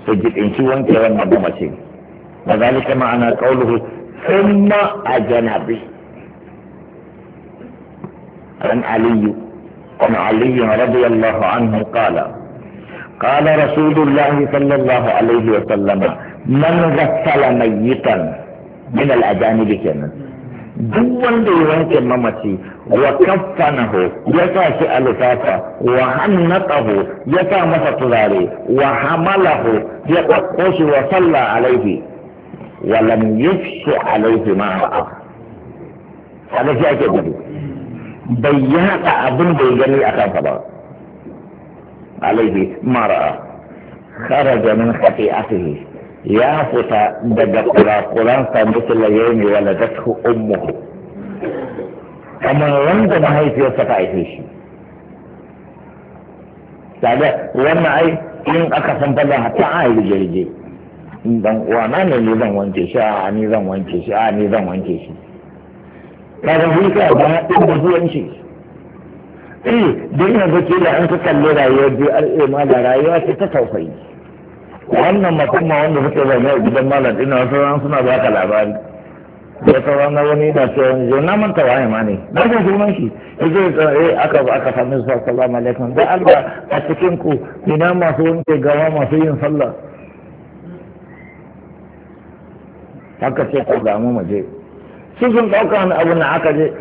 [SPEAKER 1] su jidin shi wanke wannan mace ma'ana qawluhu ثم أجنبي عن علي عن علي رضي الله عنه قال قال رسول الله صلى الله عليه وسلم من غسل ميتا من الأجانب كان duk wanda ya wanke mamaci wa kaffanahu ya sa shi alifafa wa hannatahu ya sa masa turare wa hamalahu ya ɗauko shi wa sallah alaihi ولم يفش عليه ما رأى هذا شيء جديد بيات أبن بيجني أخا صلى عليه ما رأى خرج من خطيئته يا فتى دق قرا قران مثل يوم ولدته أمه كما وند ما هي في صفا إيش هذا وما أي إن أخا صلى الله تعالى in dan ne zan wanke shi a ni zan wanke shi a ni zan wanke shi kaga yi ka ba din da zuwan shi
[SPEAKER 2] eh don yanzu da an ka kalli rayuwar
[SPEAKER 1] biyu ma da rayuwa ce ta tausayi wannan musamman wanda suke zaune a gidan malam ɗin wasu ran suna ba ka labari da ta ranar wani na ce wani zo na manta waye ma ne na ga sunan shi yaje eh aka ba aka sami sallallahu alaikum da alba a cikin ku ina masu wanke gawa masu yin sallah haka ce ka damu mu je su sun ɗauka wani abu na aka je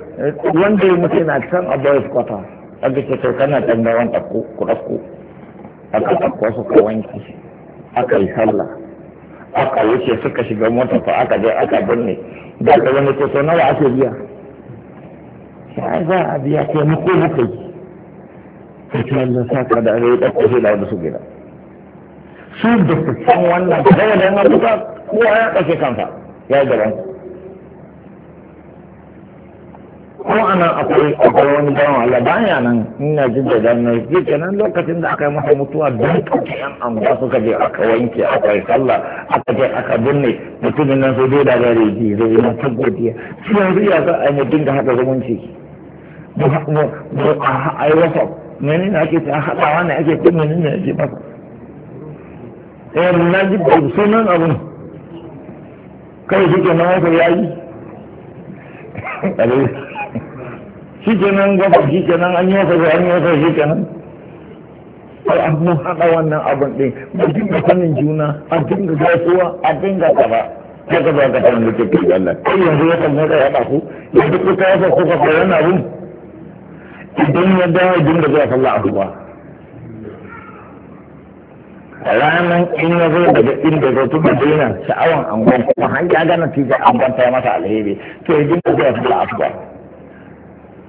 [SPEAKER 1] wanda ya mutu na can a boys kwata ga ce to kana tangaran ɗauko ku ɗauko aka ɗauko su ka wanki aka yi sallah aka wuce suka shiga mota fa aka je aka binne da ka wani ko sai nawa ake biya sai za a biya ko mu ko ka yi sai sa saka da rai ɗauko sai da su gida su da su san wannan da yana da ko ya ɗauke kansa ya gaba ko ana akwai akwai wani bawan Allah baya nan ina jin da ganin shi nan lokacin da aka yi masa mutuwa don kauce yan anguwa suka je aka wanke aka yi sallah aka je aka binne mutumin nan sai dai da gare ji zai na ta godiya shi yanzu ya za a yi mutum da haka zumunci mu a yi wasa menene ake ta haɗawa ne ake ta ne ake masa eh na ji sunan abun kai shi ke nan ya yi shi ke nan gwamnati shi ke nan an yi wasa an yi wasa shi ke nan ai an mun haɗa wannan abin ɗin mu dinga sanin juna a dinga gasuwa a dinga kaza ya ka ba ka san da take Allah kai yanzu ya kan mota ya ba ku yanzu ku ta yasa ku ka fara abun idan ya dawo dinga zuwa sallah asuba ranan in ya zo daga inda zai ta dina sha'awan angon kuma har ya ga natija angon ta masa alheri to ya dinga zai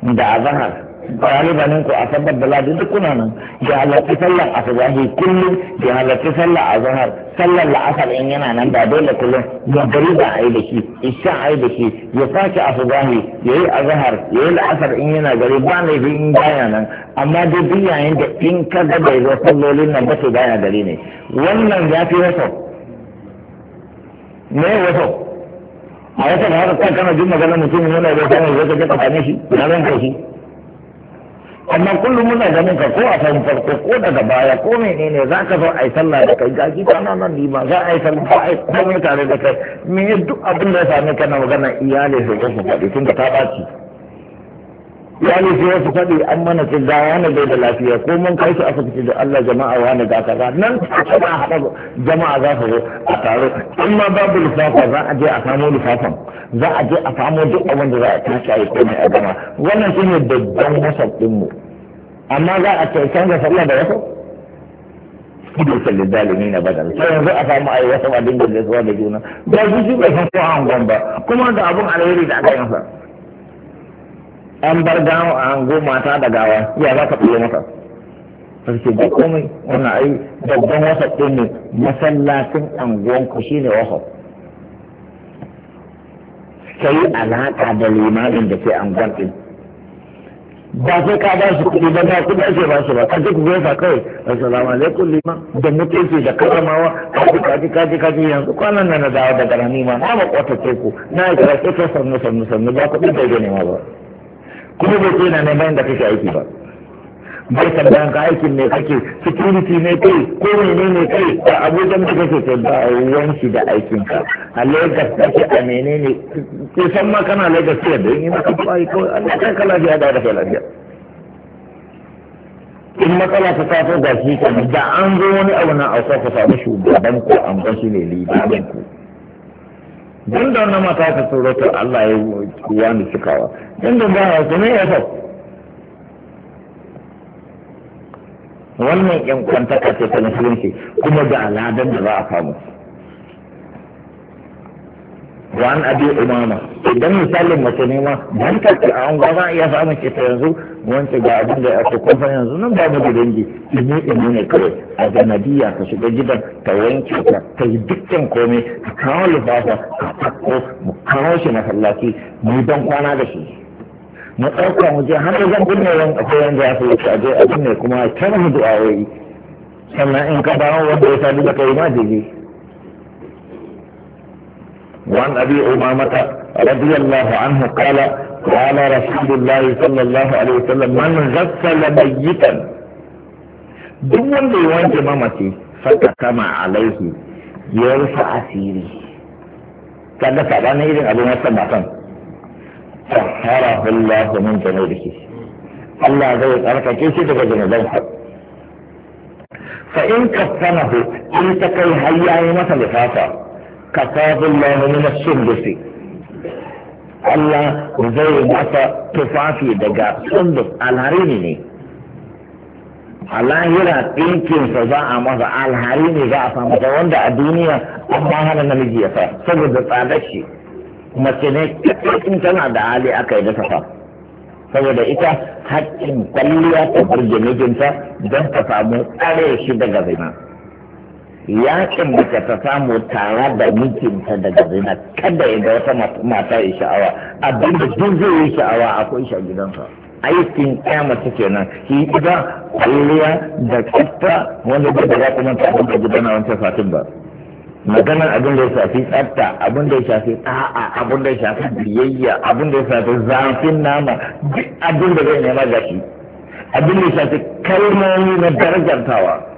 [SPEAKER 1] fi da azahar galibanin ku a sabbar da ladin duk kuna nan da halarci sallar asubahi kullum da halarci sallar azhar sallar la'asar in yana nan ba dole kullum ga gari ba a yi da shi isha a yi da shi ya sake asubahi ya yi zahar ya yi la'asar in yana gari ba ne bi in baya nan amma dai duk yayin da in ka ga bai zo sallolin nan ba to baya gari ne wannan ya fi wato me wato a wata da haka kan kana jin magana mutum yana da sanin zai ka ga tsakanin shi na ranka shi amma kullum muna ganin ka ko a san farko ko daga baya ko menene za ka zo a yi sallah da kai gaji ta nan nan ba za a yi sallah ba a yi komai tare da kai me duk abin da ya same ka na magana iyali da kuma faɗi tun da ta ɓaci ya sai wasu faɗi an mana cin da wani bai da lafiya ko mun kai su fice da Allah jama'a wani ga kaza nan kuma haɗa jama'a za su zo a taro amma ma babu lissafa za a je a samo lissafan za a je a samo duk abin da za a tashi a yi komai a gama wannan shine babban wasaf ɗinmu amma za a ce canza sallah da wasu kudu sallin zalimi na badal sai yanzu a samu ayi wasu abin da zai zuwa da juna ba su shi bai san ko an gwamba kuma da abun alheri da aka yi masa. an bar gawa an go mata da gawa ya za ka ɓoye masa sarki ba komai wannan ai babban wasa ɗin ne masallacin anguwan ku shine wasa Sai alaƙa da limamin da ke anguwan ɗin ba sai ka ba su kuɗi ba ba kuɗi ba su ba ka ji ku kai, kawai assalamu alaikum liman da mutunci da karamawa kaji kaji kaji kaji yanzu kwanan nan na dawo daga ranima na ba kwatace ku na yi kira sai ta sannu sannu sannu ba kuɗi bai gane ma ba kuma bai ce na neman da kake aiki ba bai tambayan ka aikin ne kake security ne kai ko ne ne kai a abokan da kake ce ba ruwan shi da aikin ka a Lagos kake a menene ko san ma kana Lagos ce da yin maka bai ko Allah kai ka lafiya da da lafiya in matsala ta taso ga shi da an zo wani abu na a ku samu shugaban ku an ga shi ne libanin ku don da wannan mata ta tsoratar Allah ya wa ni cikawa don da ba ya kuma ya sau wannan yan kwantaka ce ta musulunci kuma da aladan da za a samu wa an abi umama idan misalin mace ne ma dan ta a an za a iya samun ce ta yanzu wance ga abin da ya kun san yanzu nan ba mu da dangi ine ine ne kawai a janadiya ka shiga gidan ka wanke ka ka yi dukkan komai ka kawo lufafa ka tako mu kawo shi masallaci mu don kwana da shi mu ɗauka mu je har da zan binne wani akwai wanda ya fi wuce a je a binne kuma kyan mu du'a'o'i sannan in ka dawo wanda ya sami da kai ma daidai وعن ابي امامه رضي الله عنه قال رسول الله صلى الله عليه وسلم من غسل ميتا duk wanda ya wanke mamaci fata kama alaihi ya rufe asiri kaga sabanin irin abin wasan bakan tahara Allah min janubihi Allah zai tsarkake shi daga janubansa fa in kaffanahu in ta kai har yayi masa lifafa kafahu Allah zai masa tufafi daga sundus alharini ne a lahira ɗinkinsa za a masa alharini za a samu da wanda a duniya an ba hana namiji ya sa saboda tsadar shi mace ne in tana da hali aka yi dasa fa. saboda ita haƙƙin kwalliya ta burge mijinta don ta samu tsare shi daga zina. Ya da ka ta samu tare da mijinta daga zina kada ya ga wata mata ya sha'awa abin da duk zai yi sha'awa akwai shi a gidansa aikin kyamata kenan shi ita kwalliya da tsafta wanda bai da ya kuma ta abin da gudana wancan satin ba maganar abin da ya shafi tsafta abin da ya shafi ɗa'a abin da ya shafi biyayya abin da ya shafi zafin nama duk abin da zai nema gashi abin da ya shafi kalmomi na darajantawa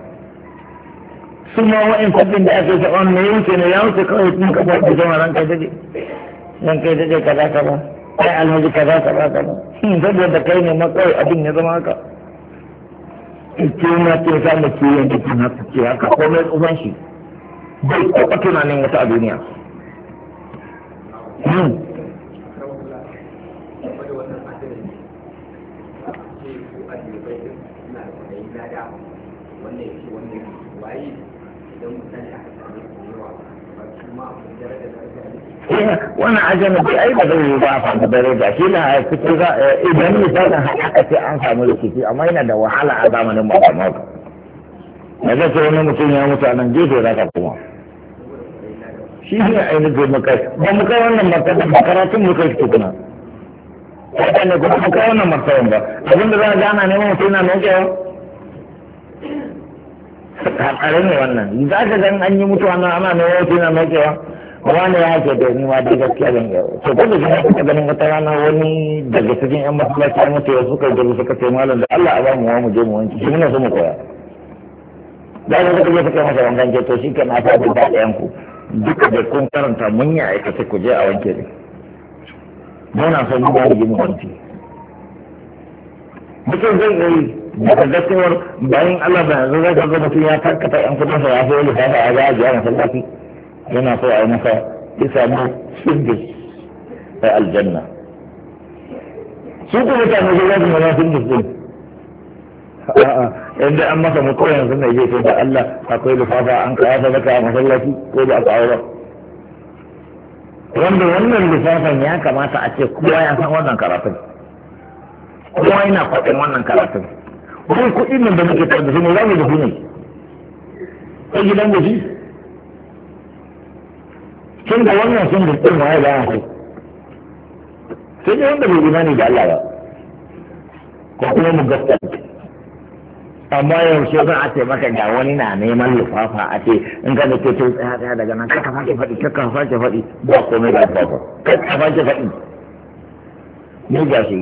[SPEAKER 1] su ma wa'in sabbin da ake ta on mai yanke na yawon su kawai sun ka ba ku zama ranka daɗe ranka daɗe kaza kaza ai alhaji ba kaza kaza hmm, saboda kai ne ma kawai abin ya zama haka ke ma ke sa mu ke yanke kan haka ke haka ko mai tsohon shi bai taɓa tunanin wata a duniya. Hmm.
[SPEAKER 3] wani ajiyar da ai ba zai yi ba a samu
[SPEAKER 1] dare ba shi na fito za eh, idan misalin haka ce an samu da kifi amma yana da wahala a zamanin ba kamar ka na zai wani mutum ya mutu a nan gefe za ka kuma shi ne ainihin makai ba mu kai wannan makarantar makaratun mu kai tukuna kaɗan ne kuma mu kai wannan martaban ba abin da za a gana neman mutum na wa? hatsari ne wannan za ka gan an yi mutuwa nan ana neman mutum na wa? wani ya ke da ni ma da gaskiya ban yau to ko da kuma ka ganin wata rana wani daga cikin yan masallaci an mutu ya suka da suka ce malam da Allah a ba mu mu je mu wanki shi muna so mu koya da ga kuma suka masa wankan ce to shi ke na faɗi da ɗayan ku duka da kun karanta mun yi aikace ku je a wanke ne na so mu ba mu je mu wanki mutum zai yi daga gaskiyar bayan Allah ba yanzu zai ka ga mutum ya karkata yan kudin sa ya fi wani fata ya ga ajiya masallaci yana so a yi masa ya samu sindis a aljanna su ku mutane su zai zai mana sindis din inda an masa mutuwa yanzu na je da Allah akwai lufafa an kawo sadaka a masallaci ko da aka aura. wanda wannan lufafan ya kamata a ce kowa ya san wannan karatun kowa yana faɗin wannan karatun wani kuɗin nan da muke tarbi su ne za mu da ne ko gidan gobe sun da wannan sun da tsin waye bayan hai sai dai wanda bai imani da Allah ba ko kuma mu gaskata amma yaushe zan a ce maka ga wani na neman lufafa a ce in ka da ke to tsaya tsaya daga nan kaka fake faɗi kaka fake faɗi ba komai ba ba kaka fake faɗi ne ga shi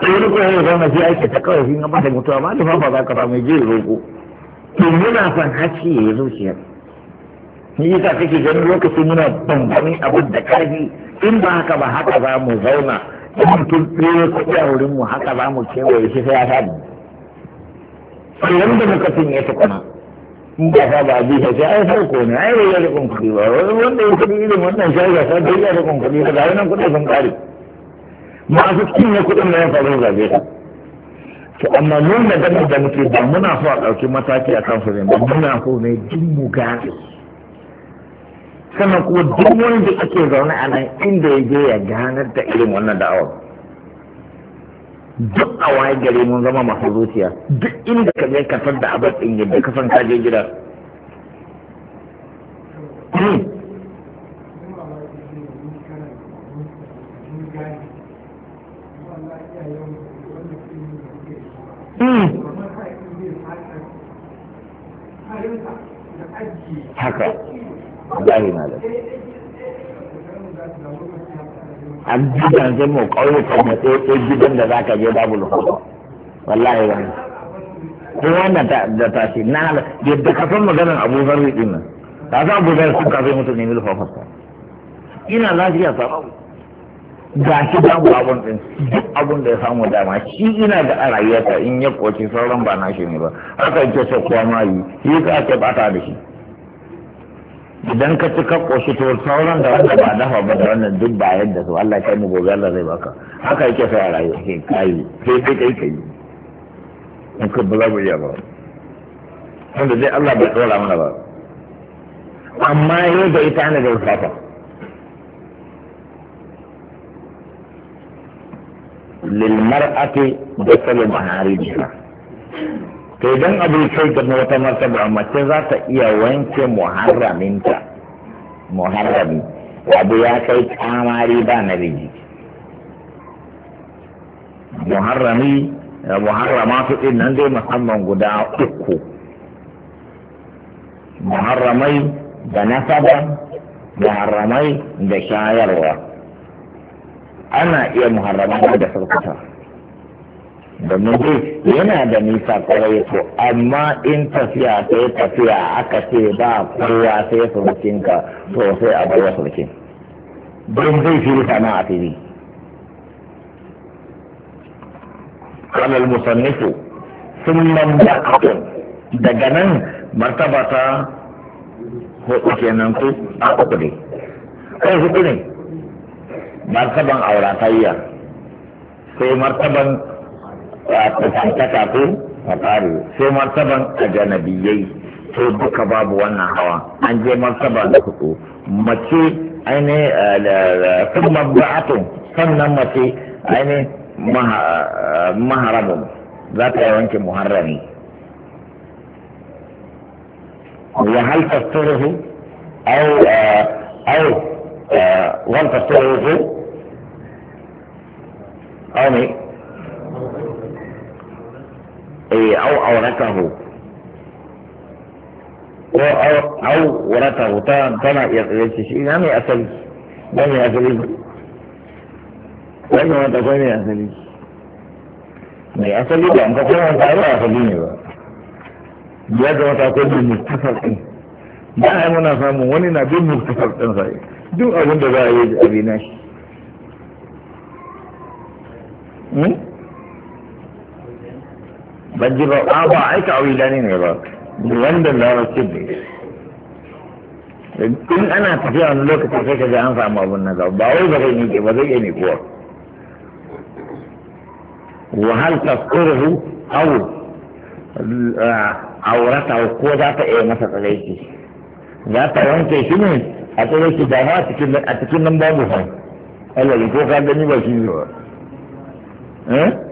[SPEAKER 1] ko wani ko ne zama shi ake ta kawai shi in ba da mutuwa ma lufafa za ka samu je roƙo to muna son hakki ya zo shi ni yasa kake ganin lokacin muna bambamin abin da karfi in ba haka ba haka za mu zauna in mutum tsere kuɗi a wurin mu haka za mu kewaye shi sai ya samu sannan da muka ya tukuna in ba sa ba bi sai ai ko ne ai ya rikon kuɗi ba wanda ya kuɗi irin wannan shayi ya sa bai ya rikon kuɗi ba da wannan kuɗi sun kare masu cinye kuɗin na ya faru zabe ka to amma nuna da da muke ba muna so a ɗauki mataki a kan su ne ba muna so ne duk mu gane sannan kuma duk wanda ake zaune a nan inda ya je ya ganar da irin wannan da'awar duk a waye gare mun zama masu zuciya duk inda ka je ka da abin din yadda ka san kaje gida hmm.
[SPEAKER 3] Hmm. haka
[SPEAKER 1] wallahi malam a gidan zai mu ƙauyukan mu sai gidan da zaka je babu lahoto wallahi wani ko wannan da tashi na yadda ka san maganar abu zarri din nan ka san abu zarri sun kafin mutum ne milfa fasta ina lafiya sarau ga shi babu abun din duk abun da ya samu dama shi ina da a rayuwarsa in ya koci sauran ba na shi ne ba haka yake so kowa ma yi yi ka ake bata da shi idan ka ci ka koshi to sauran da wanda ba dafa ba da wannan duk ba yadda su Allah kai mu gobe Allah zai baka haka yake sai a rayu sai kai sai kai kai kai in ka bula mu ya ba wanda dai Allah bai tsora mana ba amma yau da ita ne da wata lil mar'ati da to idan abu kai ga wata martaba mace za ta iya wanke muharraminta muharrami abu ya kai kamari ba na riji muharrami eh, muharrama su ɗin nan dai musamman guda uku muharramai da nasaba muharramai da shayarwa ana iya muharrama da sarkuta domin dai yana da nisa kwarai ko amma in tafiya sai tafiya aka ce ba kowa sai surukinka to sai a bayar surukin don zai fi sana a fili daga nan ثم امرأة دجنا kenan ku a uku ne kai hudu ne martaban auratayya sai martaban kusantaka ko a ƙare sai martaban ajanabiyyai to duka babu wannan hawa an je martaba da hudu mace aini sun mabba'atun sannan mace aini maharamun za ta yi wanke muharrami Ya hal tasturuhu au au wal tasturuhu au ne eh au auratahu ko au auratahu ta tana iya tsaye shi ina mai asali ba mai asali ba wannan wata ko mai asali mai asali an ka kuma wata ba ne ba ya zama ta ko a yi wani na bin muktasar din sai duk abin da za a yi abin بدي بقى ابا آه، عيك عويلاني يعني نيراك بلند اللي انا سيدي كل انا تفيا ان لوك تفيا كذا انفع ما بنا ذا باوي بغي نيجي بغي اني بور وهل تذكره او عورات آه، او قوة ذات ايه مثلا ليكي ذات يوم تيشيني اتوليك دعوة اتكين نمبابو هاي الا يكو خادني باشيني هو ايه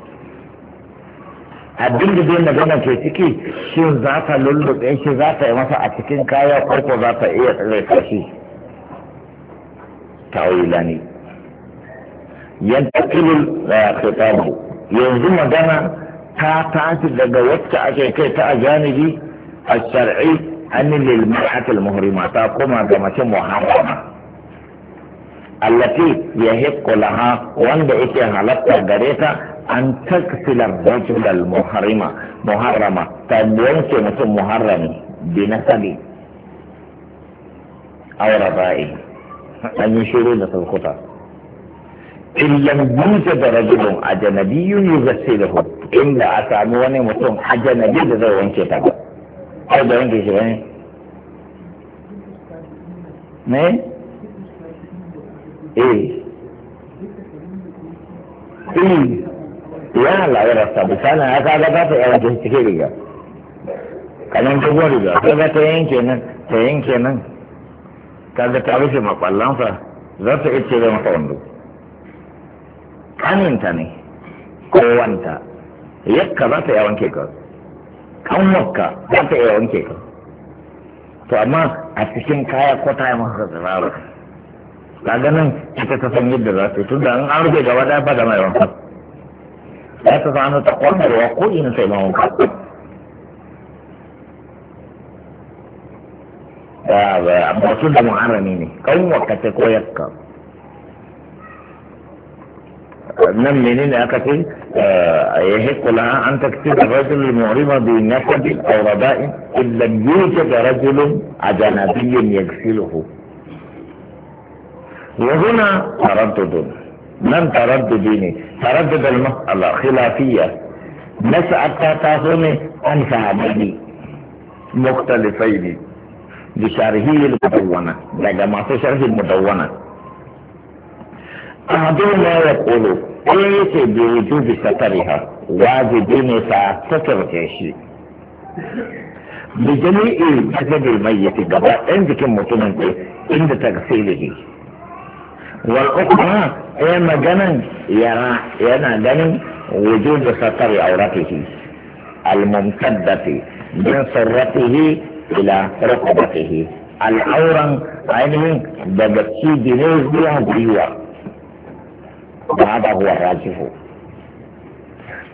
[SPEAKER 1] abin da zai magana ke ciki shi za ta lullube shi za ta yi masa a cikin kaya farko za ta iya tsare kashi ta'awila ya yantakilul eh, khitabu yanzu magana ta tashi daga wacce ake kai ta a janibi a shar'i an lil mar'atil muhrima ta koma ga mace muharrama allati yahiqqu laha wanda yake halatta gare ta an taksilar rajulal muharrima muharrama ta yanke mutum muharrami bi nasabi aw rabai an yi shiru da sulkuta in lam yujad rajulun ajnabiyyun yughsiluhu inda a sami wani mutum ajnabi da zai wanke ta ba ai da wanke shi ne? ne eh eh ya la'irarsa misalin ya kaga za ta yawancin cikin riga kanan dogon riga sai ga ta yanke nan ta yanke nan kaga ta rufe makwallansa za ta ice zai masa wando kaninta ne kowanta yakka za ta yawanke Kan kanwarka za ta yawon kekar to amma a cikin kaya ko ta yi masa tsirara kaga nan ita ta san yadda za ta yi tun da an rufe gaba ɗaya ba da mai wankan لا تسعى أن تقبل وقل إن شيء لهم قبل بسول المعرميني كم وقت كويك نم منين أكتي آه، يهيك لها أن تكتب الرجل المعرمة بنسب أو رداء إلا يوجد رجل أجنبي يغسله وهنا تردد من ترددني تردد المسألة خلافية مسألة تاخذني أنفع مني مختلفين بشرحه المدونة لا جماعة شرحه المدونة أحدهما يقول إيه بوجوب سترها واجبين ساتر كيشي بجميع جسد الميت قبل عندك متمنك عند تغسيله wal ukhra ay eh, maganan yara yana ganin wujud satari auratihi al mumtaddati min sarratihi ila rukbatihi al auran ainihin daga cibiyar zuwa gwiwa da hada huwa rajihu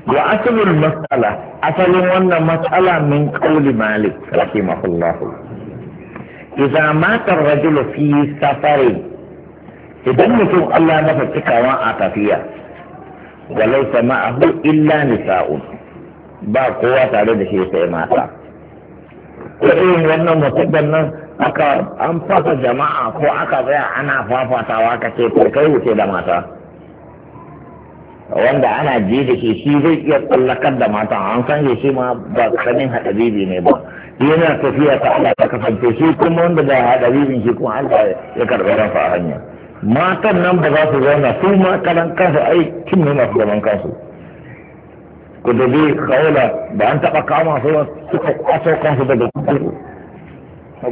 [SPEAKER 1] وأصل المسألة أصل وأن مسألة من قول مالك رحمه الله إذا مات الرجل في سفر idan mutum Allah masa cikawa a tafiya walai sama'ahu illa nisau ba kowa tare da shi sai mata ko irin wannan mutum nan aka an fasa jama'a ko aka tsaya ana fafatawa ka ce ko kai wuce da mata wanda ana ji da shi shi zai iya tsallakar da mata an san shi ma ba kanin haɗabibi ne ba yana tafiya ta Allah ta kasance shi kuma wanda da haɗabibin shi kuma Allah ya karɓi ran a hanya matan nan ba za su zauna su ma karan kansu ai kin ne masu zaman kansu ku da bi kaula da an taba kama su suka kwaso kansu daga kurkuku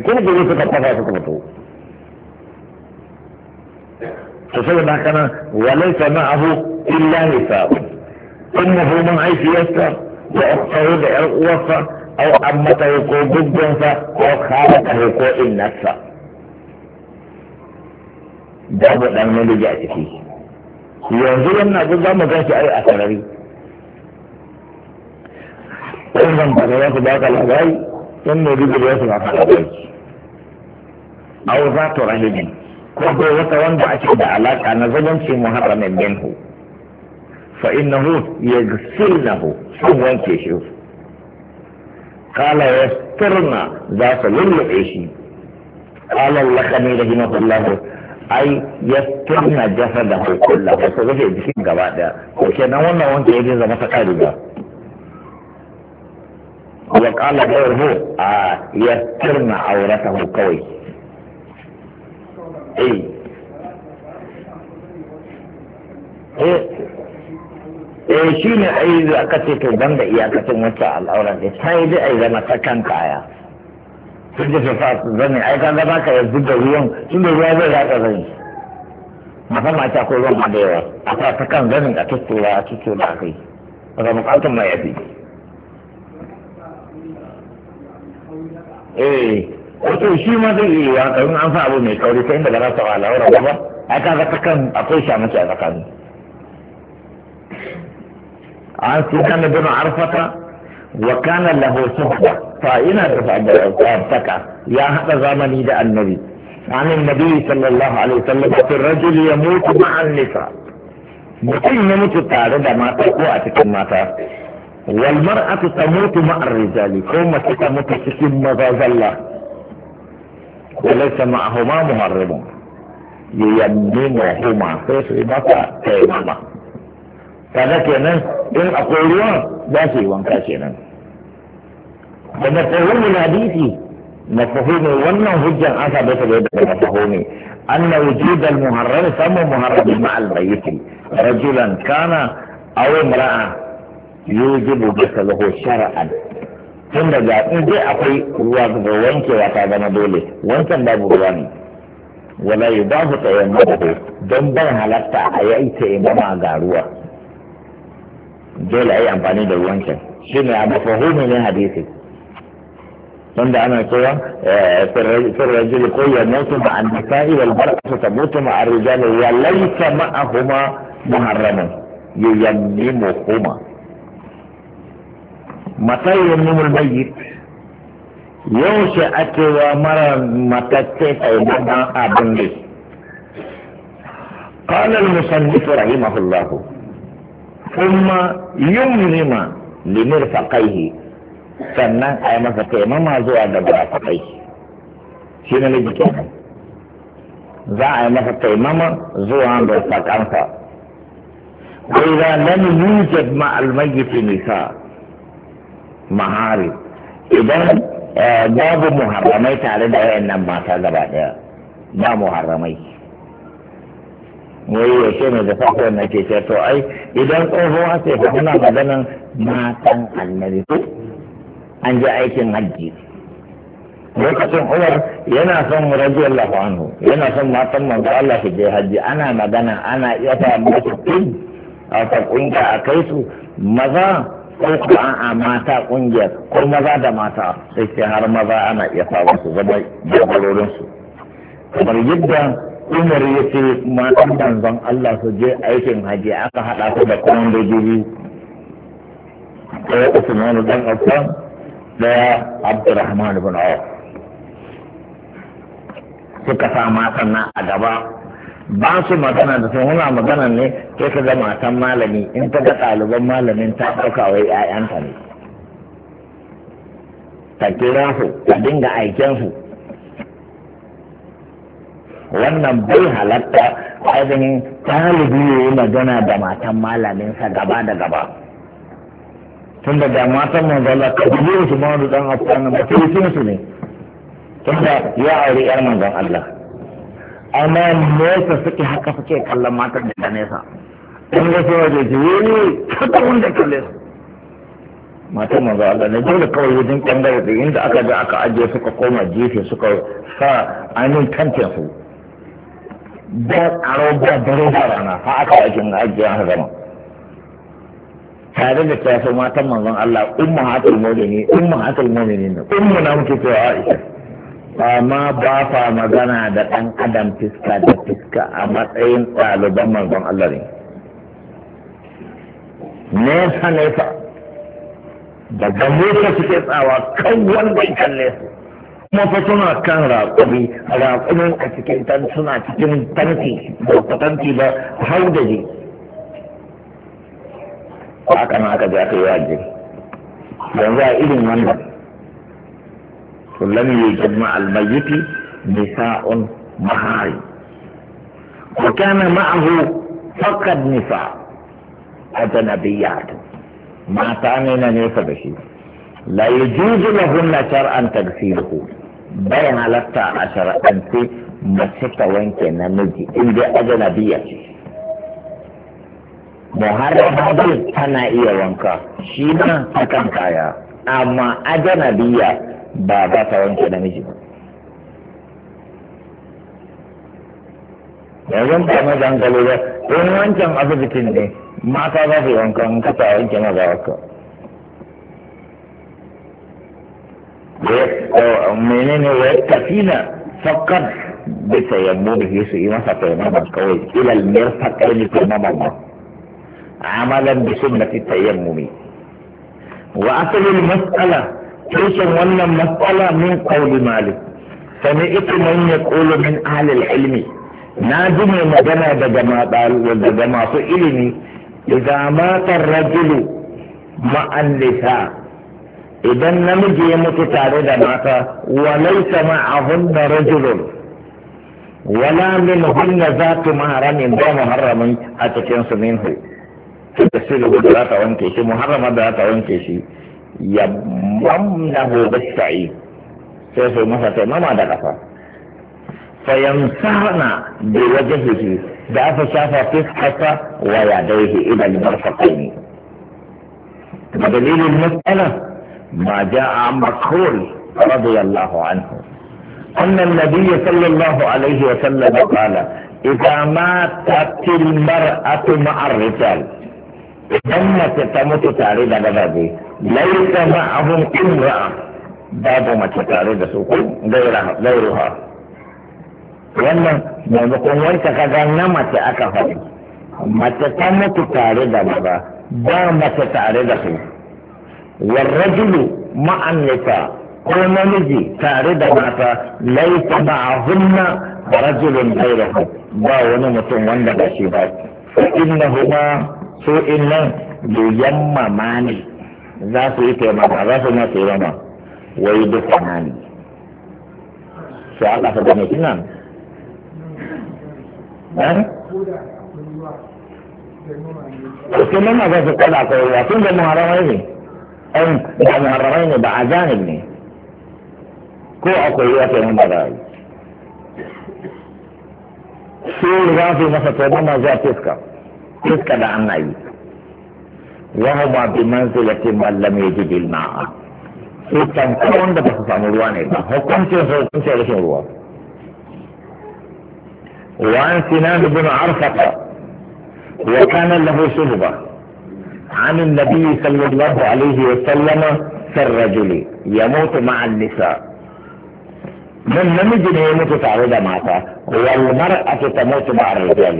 [SPEAKER 1] kurkuku suka kwasa suka fito to saboda kana walaita ma'ahu illa nisa'u ummuhu min aifiyarsa wa ukhtahu da yar uwarsa aw yi ko guggunsa ko khalatahu ko innarsa babu dan namiji a ciki yanzu wannan abin za mu gan shi ai a sarari wannan ba za su baka labari yan ne duk da su baka labari au za ta rahimi ko bai wata wanda ake da alaka na zamanci muharramin minhu fa innahu yaghsilnahu sun wanke shi kala yasturna za su lullube shi qala al-lakhani rahimahullahu ai ya tunna jasa da hulkulla ko su rufe jikin gaba daya ko nan wannan wanke ya zama ta kari ba wa kala gawar hu a ya tunna aurata hu kawai eh. eh eh shi ne ai aka ce to banda iyakacin wacce al'aura ne sai dai ai zama ta kan kaya sun da shafa su zane ai kan gaba ka yanzu da ruwan tun da ruwa zai raka zane musamman mata ko ruwan da yawa a ta ta kan zane a tuttura a tuttura a kai daga bukatun mai yafi eh wato shi ma zai yi wa karin an fa abu mai kauri ta inda ba za ta wala wala ba ai ka ga ta kan akwai shamaki a tsakanin an su da bin arfata wa kana lahu suhba rufa yana rufa da rufa ya hada zamani da annabi عن النبي صلى الله عليه وسلم في الرجل يموت مع النساء مثل يموت تارة ما تقوى تكون ماتا والمرأة تموت مع الرجال كما تموت سكين مغاز الله وليس معهما مهرم ينمهما فيس ربطا تيمما فذكينا إن أقول يوم لا شيء وانكاشينا daga tsohon hadisi مفهوم وانا هجا اثر بيت الابن مفهومي ان وجود المهرم سموا مهرم kama الميت رجلا كان او امرأة يوجب غسله شرعا tun daga in dai akwai ruwa ga wankewa ta zama dole wancan babu ruwa ne wala yi ba su tsaye mako don ban halatta a yi ita imama ga ruwa dole a yi amfani da wancan shi ne a hadisi من دعنا قوة آه، في الرجل قوية موت مع النساء والبرأة تموت مع الرجال وليس معهما محرما ينمهما متى ينم الميت يوشي أتي ومرا متى تيسا ينمى أبنلي قال المصنف رحمه الله ثم يمرم لمرفقيه sannan a yi masa taimama zuwa da barafafai shi ne miji kenan za a yi masa taimama zuwa da sakansa wai za lam yujad ma almayyiti nisa mahari idan eh, babu muharramai tare da wayannan mata gaba daya ba muharramai wai yaushe ne da safe na ke ce to ai idan tsohuwa ce ba muna maganan matan annabi ko an je aikin hajji lokacin umar yana son radiyallahu anhu yana son matan manzo Allah su je hajji ana magana ana iya ta musu tun a ta kunga a kai su maza ko kuma a mata kungiyar ko maza da mata sai ce har maza ana iya samun su zama jagororin su kamar yadda umar ya ce matan manzon Allah su je aikin hajji aka haɗa su da kuma da biyu ɗaya Usmanu dan Affan daya abdurrahman bin auf suka sa matan nan a gaba ba su magana da sun huna magana ne sai ka ga matan malami in ta ga ɗaliban malamin ta ɗauka wai 'ya'yanta ne ta kira su ta dinga aiken su wannan bai halatta ainihin talibi ya yi magana da matan malaminsa gaba da gaba tun da matan manzo Allah ka bi su ma da dan afan ba sai sun su ne tun da ya aure yar manzon Allah amma nesa suke haka suke kallon matan da nesa in ga sai waje ji wani ta wanda kalle su matan manzo Allah ne dole kawai wajen bangare da inda aka ga aka ajiye suka koma gefe suka sa ainihin tantin su da karo da dare da rana fa aka aikin ajiye haka zama tare da ta fi matan manzon Allah umma hatul mu'mini ummu hatul mu'mini ummu na muke cewa Aisha amma ba fa magana da dan adam fiska da fiska a matsayin ɗaliban manzon Allah ne nesa nesa daga nesa suke tsawa kan wanda ya kalle su kuma fa suna kan raƙumi raƙumin a cikin tan suna cikin tanti ba tanti ba haudaje haka nan aka je aka yi waje yanzu a irin wannan to lam yujad ma al mayyiti nisa'un mahari wa kana ma'ahu faqad nisa ajnabiyyat mata ne na nesa da shi la yujuzu lahunna shar'an tagsiluhu
[SPEAKER 2] bayan halatta
[SPEAKER 1] a shar'ance mace ta wanke namiji in dai ajnabiyya ce muharram tana iya wanka shi ma akan kaya amma ajanabiya ba ba ta wanke namiji ba yanzu ba mai dangalo ba in wancan asibitin ne mata za su wanka in kasa wanke maza wanka menene wai kafina saukar bisa yammu da su yi masa taimama kawai ilal mirfaƙar ne taimama ba عملا بسنة التيمم وأصل المسألة ليس ون مسألة من قول مالك سمعت من يقول من أهل العلم ناجم مدنا دجما علمي إذا مات الرجل مع النساء إذا نمجي يموت تارد مات وليس معهن رجل ولا منهن ذات محرم ذا محرم أتكنس منه تسلو بدلاتا وانكي محرم بدلاتا وانكي شي يممنه بالسعي سيفو مسات ما ماذا قفا فينصرنا بوجهه دافا شافا فسحك ويديه الى المرفقين ودليل المسألة ما جاء عن مكحول رضي الله عنه أن النبي صلى الله عليه وسلم قال إذا ماتت المرأة مع الرجال idan mace ta mutu tare da mazaje laisa ma abun imra'a babu mace tare da su ko gairuha wannan maimakon wanka ga na mace aka faɗi mace ta mutu tare da maza ba mace tare da su warrajulu ma'an nisa ko namiji tare da mata laisa ma'ahunna rajulun gairuhu ba wani mutum wanda ba shi ba innahuma su in nan yoyon ne za su yi taimaka za su yi masu wai duka mani su aka fi gane kina
[SPEAKER 3] Sai mana su
[SPEAKER 1] kada akwai ruwa tun da muharramai ne, ɗan da muharramai ne ba a ne, ko akwai ruwa sai mana za Sai ruwa su masa taimama zuwa fiska. duk da ana yi wa huma bi manzilati man lam yajid al ma'a su kan wanda ba su samu شو ne سنان بن عرفقة وكان له شهبة عن النبي صلى الله عليه وسلم في الرجل يموت مع النساء من يجد يموت تعود معك والمرأة تموت مع الرجال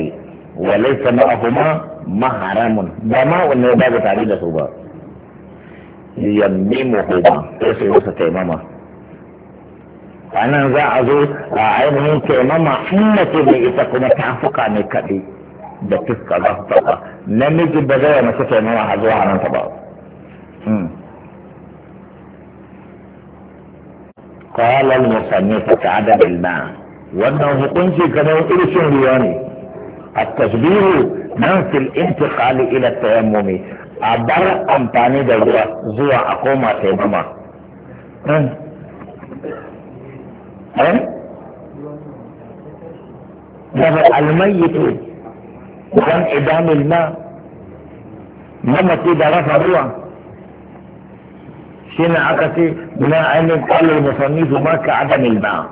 [SPEAKER 1] وليس معهما محرم دما ولا باب تعليل صوبا يميمهما ايش هو ستيماما انا ذا ازو عين من تيماما حين تبي اتقوم تعفقا نكدي بتفك الله طبعا نمجي بدايا ما تتيماما هزوا عنا طبعا قال المصنف عدد الماء وانه قنشي كما يقول شنو يعني التشبيه منفي الانتقال الى التيمم عبر امباني دوا زوا اقوم تيمما ها الميت كان ادام الماء ممتي ده رفع روح شنا عكسي بناء ان قال المصنف ما كعدم الماء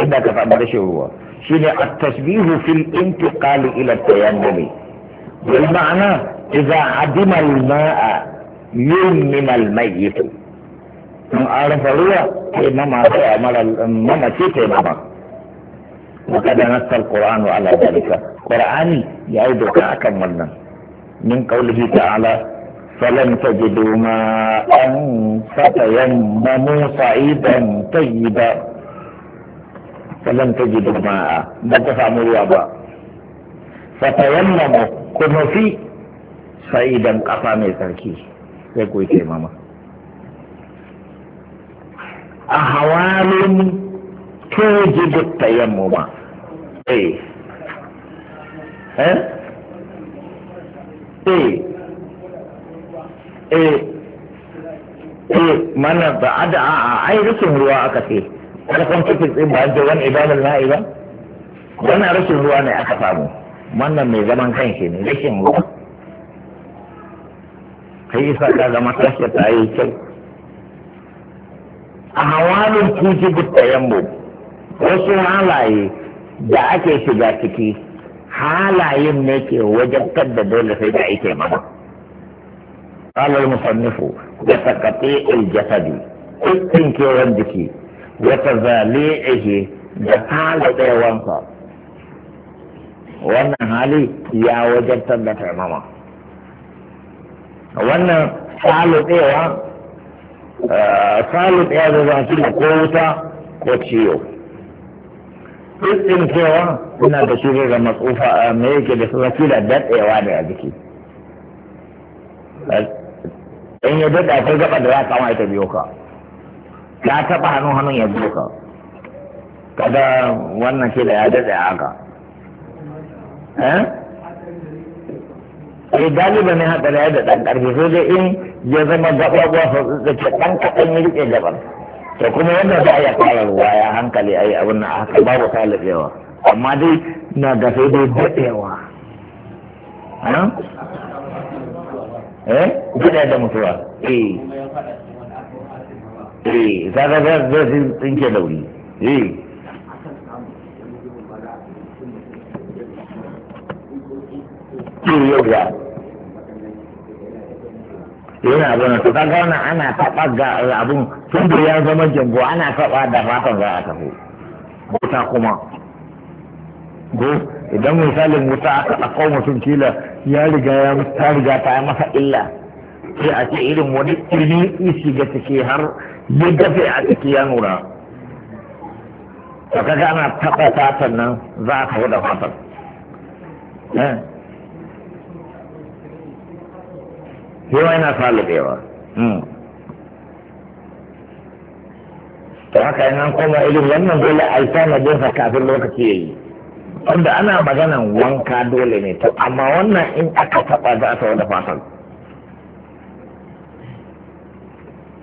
[SPEAKER 1] إذا كفى بلاش هو شنو التشبيه في الانتقال الى التيمم بالمعنى اذا عدم الماء يمن الميت من عرف انما تيمم انما شيء تيمم وقد نص القران على ذلك قران يعيدك اكملنا من قوله تعالى فلم تجدوا ماء فتيمموا صعيدا طيبا فلم تجد ماء بقى مريابا فتيمم كما في سعيدا قفامي مي يقول سيكوي ماما أحوال توجد التيمم إيه ها إيه إيه إيه من بعد أي رسم رواء كثير Wani san cikin tsin ba da wani ibadar na ba wannan rashin ruwa ne aka samu wannan mai zaman kanshi ne rashin ruwa kai isa ka zama tashi ta yi kyau a hawalin tuji mu, wasu halaye da ake shiga ciki halayen ne ke wajabtar da dole sai da ake mana قال المصنف بتقطيع الجسد كيوان الذكي wata zali'ihi da halayewansa wannan hali ya wajantar da taimama wannan saludewa saludewa eh, da zafi da ko wuta ko ciwo ɗin cewa suna da shi da matsufa a eh, me yake da zafi da daɗewa da jiki eh, in ya daɗa ta gaba da za kama ita biyo ka ya taɓa hannun hannun ya buka kada wannan shi da ya daɗe haka eh, eh galiba ne haka da ya da ɗan ƙarfi sai dai in ya zama gaɓaɓuwa sau da ke ɗan kaɗan ya riƙe gaban to kuma wannan za a iya fara ruwa ya hankali a yi abin nan haka babu talifewa amma dai na da sai dai daɗewa eh Gida eh? da mutuwa eh eh za ka ga zai tsinke dauri eh, eh yau ya yana abin da ta gauna ana taɓa ga abin tun da ya zama jambo ana taɓa da fatan za a taho wuta kuma go idan misalin wuta aka ɗauko mutum kila ya riga ya ta riga ta masa illa sai a ce irin wani ilmi isi ga take har ya dafe a ciki ya nura ka kaga ana taɓa fatan nan za ka da fatan eh? yawa yana salubewa hmm. to haka yana an koma irin wannan dole a yi sanadin sa kafin lokaci ya yi wanda ana maganan wanka dole ne to amma wannan in aka taɓa za ta wada fatan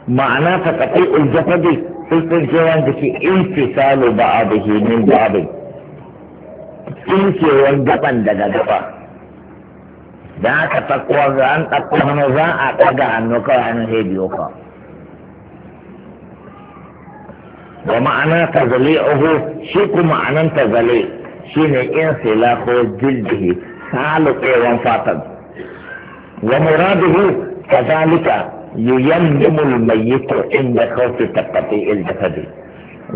[SPEAKER 1] ma'ana ta kaɗai uljafadi tsirkin kewan da ke salo ba a da ke min ba da tsinkewan gaban daga gaba da aka takwa ga an takwa hannu za a ɗaga hannu kawai hannun sai biyo ka da ma'ana ta zale ohu shi kuma ma'anan ta zale shi ne insila ko salo salutsewan fatan wa muraduhu kazalika yuyammimul mayyitu inda khawfi taqati'il jasadi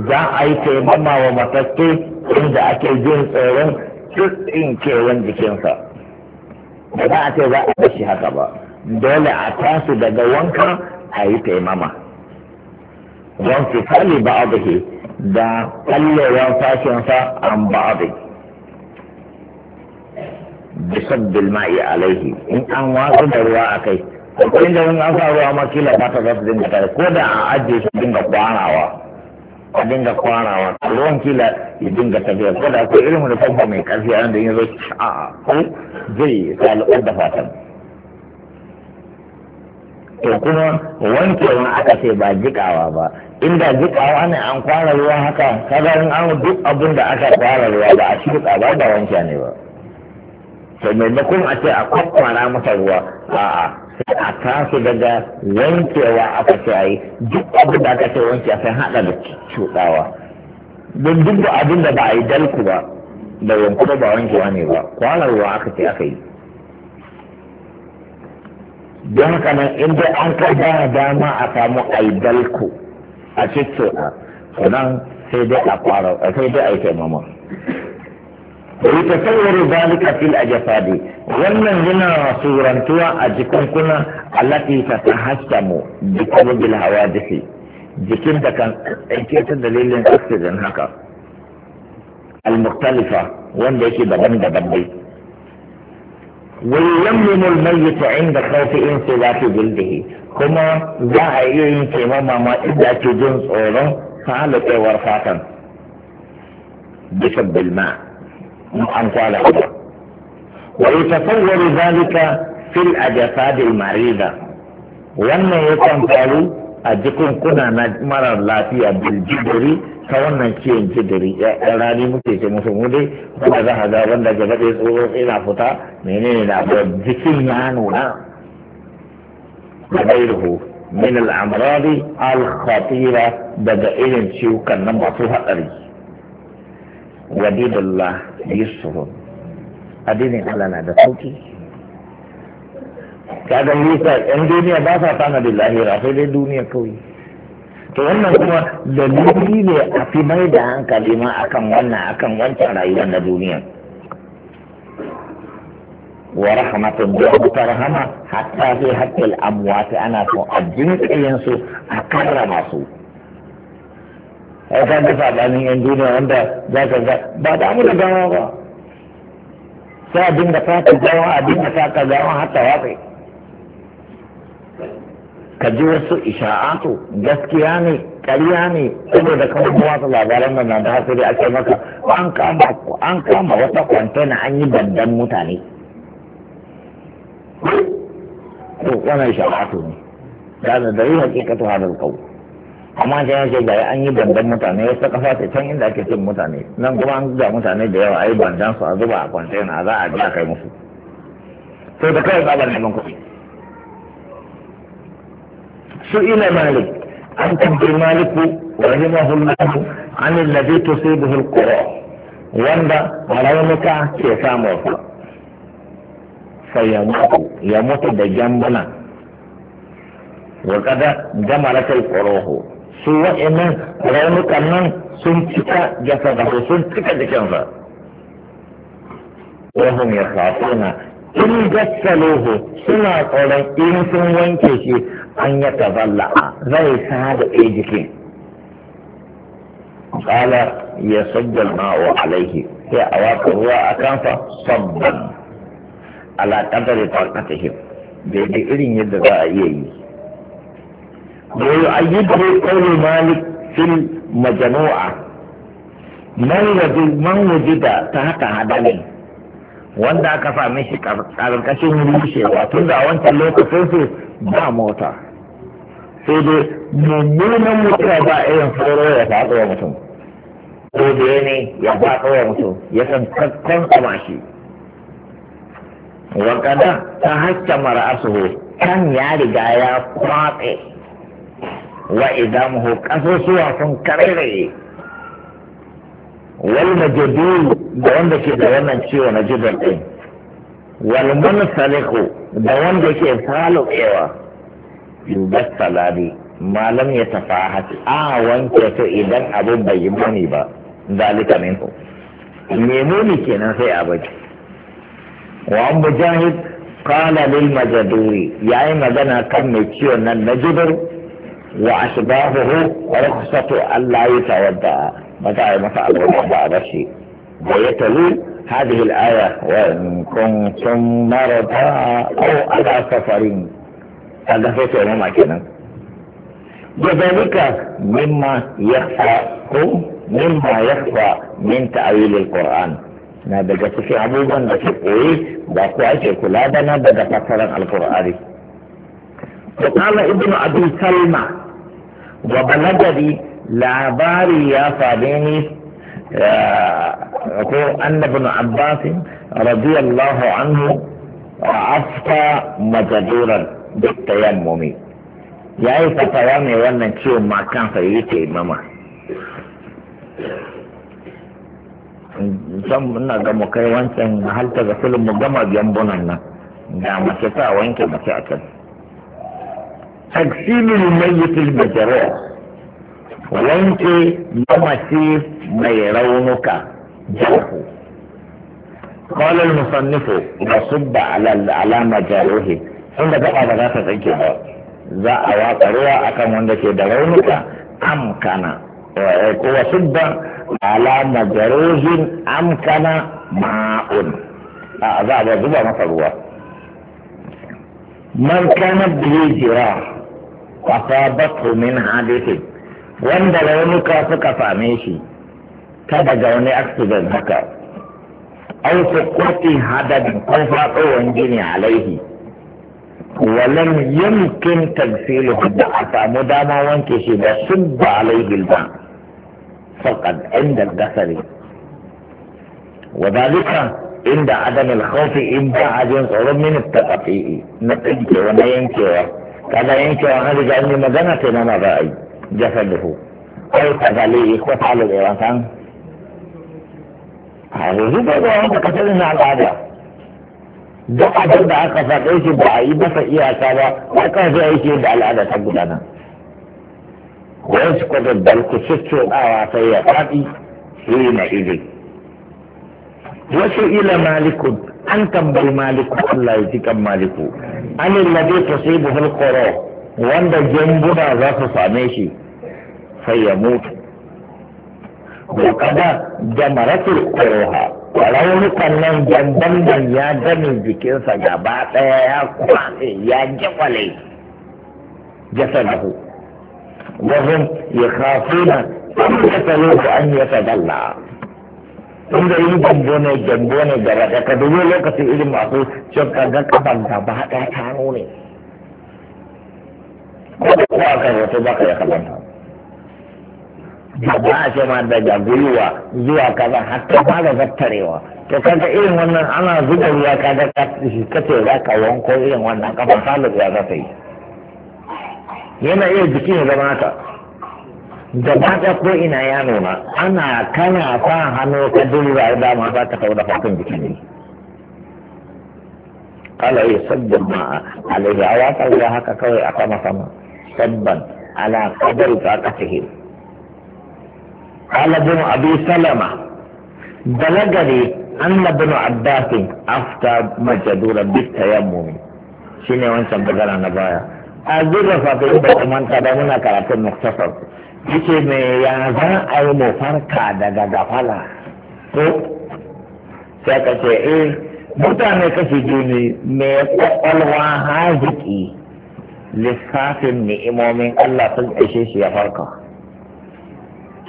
[SPEAKER 1] za a yi taimama wa matattu inda ake jin tsoron tsirtsin kewan jikinsa ba za a ce za a bashi haka ba dole a tasu daga wanka a yi taimama don fitali ba abuhi da kallewar fashinsa an ba abu bisabbil ma'i alaihi in an watsa da ruwa a kai inda mun an sa ruwa ma kila ba ta za su dinga tare ko da a ajiye su dinga kwanawa a dinga kwanawa ruwan kila ya dinga tafiya ko da akwai irin wani famfa mai karfi a da yin zo a ko zai sa da fatan to kuma wanke wankewa aka ce ba jikawa ba inda jikawa ne an kwara ruwa haka kaga in an duk abin da aka kwara ruwa ba a shirka ba da wanke ne ba sai maimakon a ce a kwakwara masa ruwa a'a sai a tashi daga wankewa aka a yi duk abin da aka ce wanke sai hada da cuɗawa don duk da abin da ba a yi dalku ba da wanku ba wankewa ne ba ruwa aka ce aka yi don haka nan in dai an ka ba dama a samu a yi dalku a cikin sannan sai dai a fara sai dai a yi taimama
[SPEAKER 2] يتصور
[SPEAKER 1] ذلك في الأجساد ومن هنا صورة أجكم كنا التي تتحسم بسبب الحوادث جكم كان انكيت دليل أكسجين هكا المختلفة وان ديكي بدن دبن دي ويلمم الميت عند خوف انسلاخ جلده كما ذا ايين كماما ما إذا تجنس أولو فعلت ورفاتا بسبب الماء an kwala wa yatasawwaru zalika fil a al marida wannan yakan faru a jikin kuna na marar lafiya bil ta wannan ciwon jibiri ya rani muke ce musu mu dai wanda za a ga wanda gaba ɗaya tsoro ina fita menene na ba jikin ya nuna da gairuhu min al-amradi al-khatira daga irin ciwukan nan masu haɗari wadidullah didullah addinin Allah na da sauki kaga nisa yan duniya ba sa tana da lahira sai dai duniya kawai to wannan kuma dalili ne a fi mai da hankali ma akan wannan akan wancan rayuwar na duniya wa rahmatun da ta rahama hatta fi haqqil amwat ana so a jinkayin su a karrama su ai ka ga sabanin yan duniya wanda za ka ga ba da mu da gawa ba sai abin da ka gawa abin da ka ka gawa ta wafe ka ji wasu isha'atu gaskiya ne ƙarya ne saboda kamar kuma su labaran nan na da hasiri a ce maka an kama an kama wata kwantena an yi dandan mutane to wannan isha'atu ne da da yi hakikatu hadal kawai amma sai yake ga an yi bandan mutane ya saka fata can inda ake cin mutane nan kuma an ga mutane da yawa a yi bandan su a zuba a kwantena za a ji a kai musu sai da kawai tsabar neman kuɗi su ila malik an tabbi maliku rahimahullahu an alladhi tusibuhu alqura wanda malaika ke samu sa ya mutu ya mutu da jambana wa kada jamalatul quruhu su wa'annan raunukan nan sun cika jasadahu sun cika jikinsa wahum ya tun in gassaluhu suna tsoron in sun wanke shi an ya tazalla zai sada ɗaya jikin qala ya sajjal ma'u alaihi sai a watsa ruwa a kanfa sabban ala qadari bai da irin yadda za a iya yi ويؤيده قول مالك في المجموعة من وجد من وجد تحت عدم wanda aka same shi ƙarƙashin rushewa tun da wancan lokacin su ba mota sai dai mummunan mutuwa ba irin sauro ya faɗo wa mutum ko da ne ya faɗo wa mutum ya san kakkon tsama shi wakada ta hacce mara'asuhu kan ya riga ya kwatse wa idamuhu kasusuwa sun karairaye wal majadu da wanda ke da wannan ciwo na jibar din wal munsaliku da wanda ke salo ewa. yubas salabi malam ya tafahat a wanke to idan abin bai yi muni ba zalika ku. me muni kenan sai a baki wa mujahid qala lil majaduri yayi magana kan mai ciwon nan na jibar وأشباهه رخصة أن لا يتوضأ متى متى الوضوء بشيء ويتلو هذه الآية وإن كنتم مرضى أو على سفر هذا في سيما كنا وذلك مما يخفى مما يخفى من تأويل القرآن na daga في عبوبا da ke koyi ba ko ake kula da na daga fasaran alkur'ani. To wa labari ya same ni ko annabin abbasin radiyallahu anhu afta majaduran duk tayammumi ya yi fatawa mai wannan ciwon ma kansa yake mama san ina ga mu kai wancan halta ga filin mu gama bunan nan ga mace ta wanke mace a تقسيم الميت المجروح ولنك يمسيف ميرونك جرح قال المصنف وصب على على مجاروه عند بقى بقى تقيك ذا أواق روى أكم عندك درونك أمكنا وصب على مجروه أمكنا ماء آه، ذا أبو ما مثل من كان به جراح أصابته من حادث wanda raunuka suka same shi ta daga wani accident haka au sukuti hadadin ko faɗowar gini alaihi walam yumkin tagsilu da a samu dama wanke shi da subba alaihi ba faqad inda gasari wa dalika inda adam al-khawfi in ba ajin tsoron min at na tsinkewa na yankewa kaga yanke an an riga ne magana ta na za a yi jasar da ku ai ka gale yi ko ta lura yawan kan a yanzu ba ga wanda ka sani na al'ada duk abin da aka sa kai shi ba a yi iya iyaka ba a kan zai yake da al'ada ta gudana wasu kwadar da ku cicciɗawa sai ya faɗi shi na izin wasu ila malikun an tambayi maliku Allah ya ji kan maliku zai ladhi sai al-qura wanda jambuna za su same shi sai ya mutu ko kada jamaratul quraha raunukan nan jamban nan ya dame jikinsa gaba daya ya kwase ya jakwale jasadahu wa hum yakhafuna an yasaluhu an yatadalla inda yi gambo ne gambo ne gaba ka dubo lokacin irin masu cin kaban kafan ba ɗaya ta nune ko da kuwa hoto ba ka ya ba ba a ce ma da gwiwa zuwa kaza hatta ba da zattarewa to kanta irin wannan ana zuba ruwa ga ka ce za ka wanko irin wannan kafa salu ya zafai yi yana iya jikin zama ta. gaba da ko ina ya nuna ana kana sa hannu ka dubba ma ba ta kauda hakan jiki ne kala yi sabbin ma alaihi a ya kauda haka kawai a sama sama sabban ala kadar ka ta kasihi قال ابن ابي سلمه بلغني ان ابن عباس افتى مجدورا بالتيمم شنو وانت بقرا نبايا a zurrafa ta yi manta da muna karatun muktasar yake me ya za a yi mu farka daga gafala ko sai ka ce eh mutane kashe juni me kwakwalwa haziki lissafin ni'imomin Allah sun ishe shi ya farka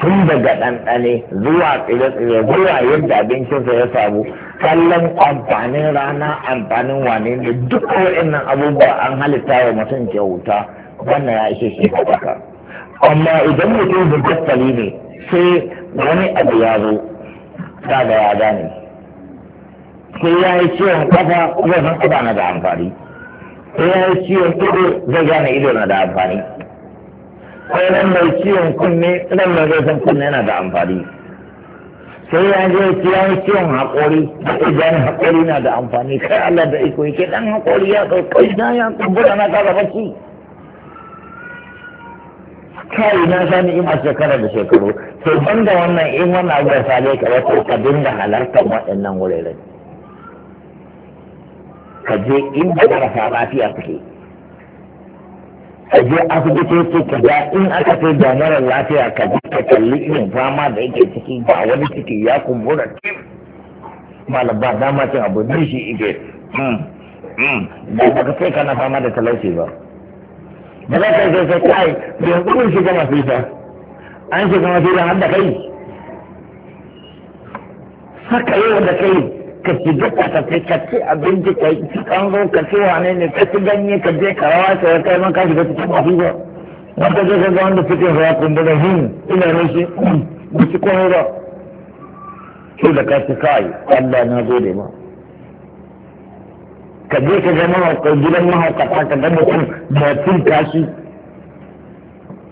[SPEAKER 1] tun daga ɗanɗane zuwa tsire-tsire zuwa yadda abincinsa ya samu kallon amfanin rana amfanin wane ne duk waɗannan abubuwa an halitta wa mutum kyauta wannan ya ishe shi ya farka amma idan mutum zulkattali ne sai wani abu ya zo da ya gane sai ya yi ciwon kafa zai san na da amfani sai ya yi ciwon ido zai gane ido na da amfani sai nan mai ciwon kunne nan mai zai san kunne na da amfani sai ya je ya yi ciwon haƙori idan haƙori na da amfani kai Allah da iko yake dan haƙori ya kai kai na ya kumbura na ka bacci kai na sani ina shekara da shekaru to banda wannan in wani abu da sale ka wato ka dinga halartar waɗannan wuraren ka je inda marasa lafiya take ka je ce ka ga in aka kai da marar lafiya ka je ka kalli irin fama da yake ciki ba wani ciki ya kumbura malam ba dama cin abu ne shi ike hmm, hmm. da baka sai kana fama da talauci ba ba za ka yi sai kai da yanzu kun shiga masifa an shiga masifa har da kai haka yi da kai ka ci duka ka ce ka ci abinci ka yi ci kango ka ci wane ne ka ci ganye ka je ka rawa ka yi kai man ka shiga cikin ta wanda zai ka ga wanda cikin rawa kun da hin ina ne shi hmm, ba ci komai ba. Kyau da ka ci kai Allah na gode ma. ka je ka zama mahaukar gidan mahaukata ka ga mutum da kashi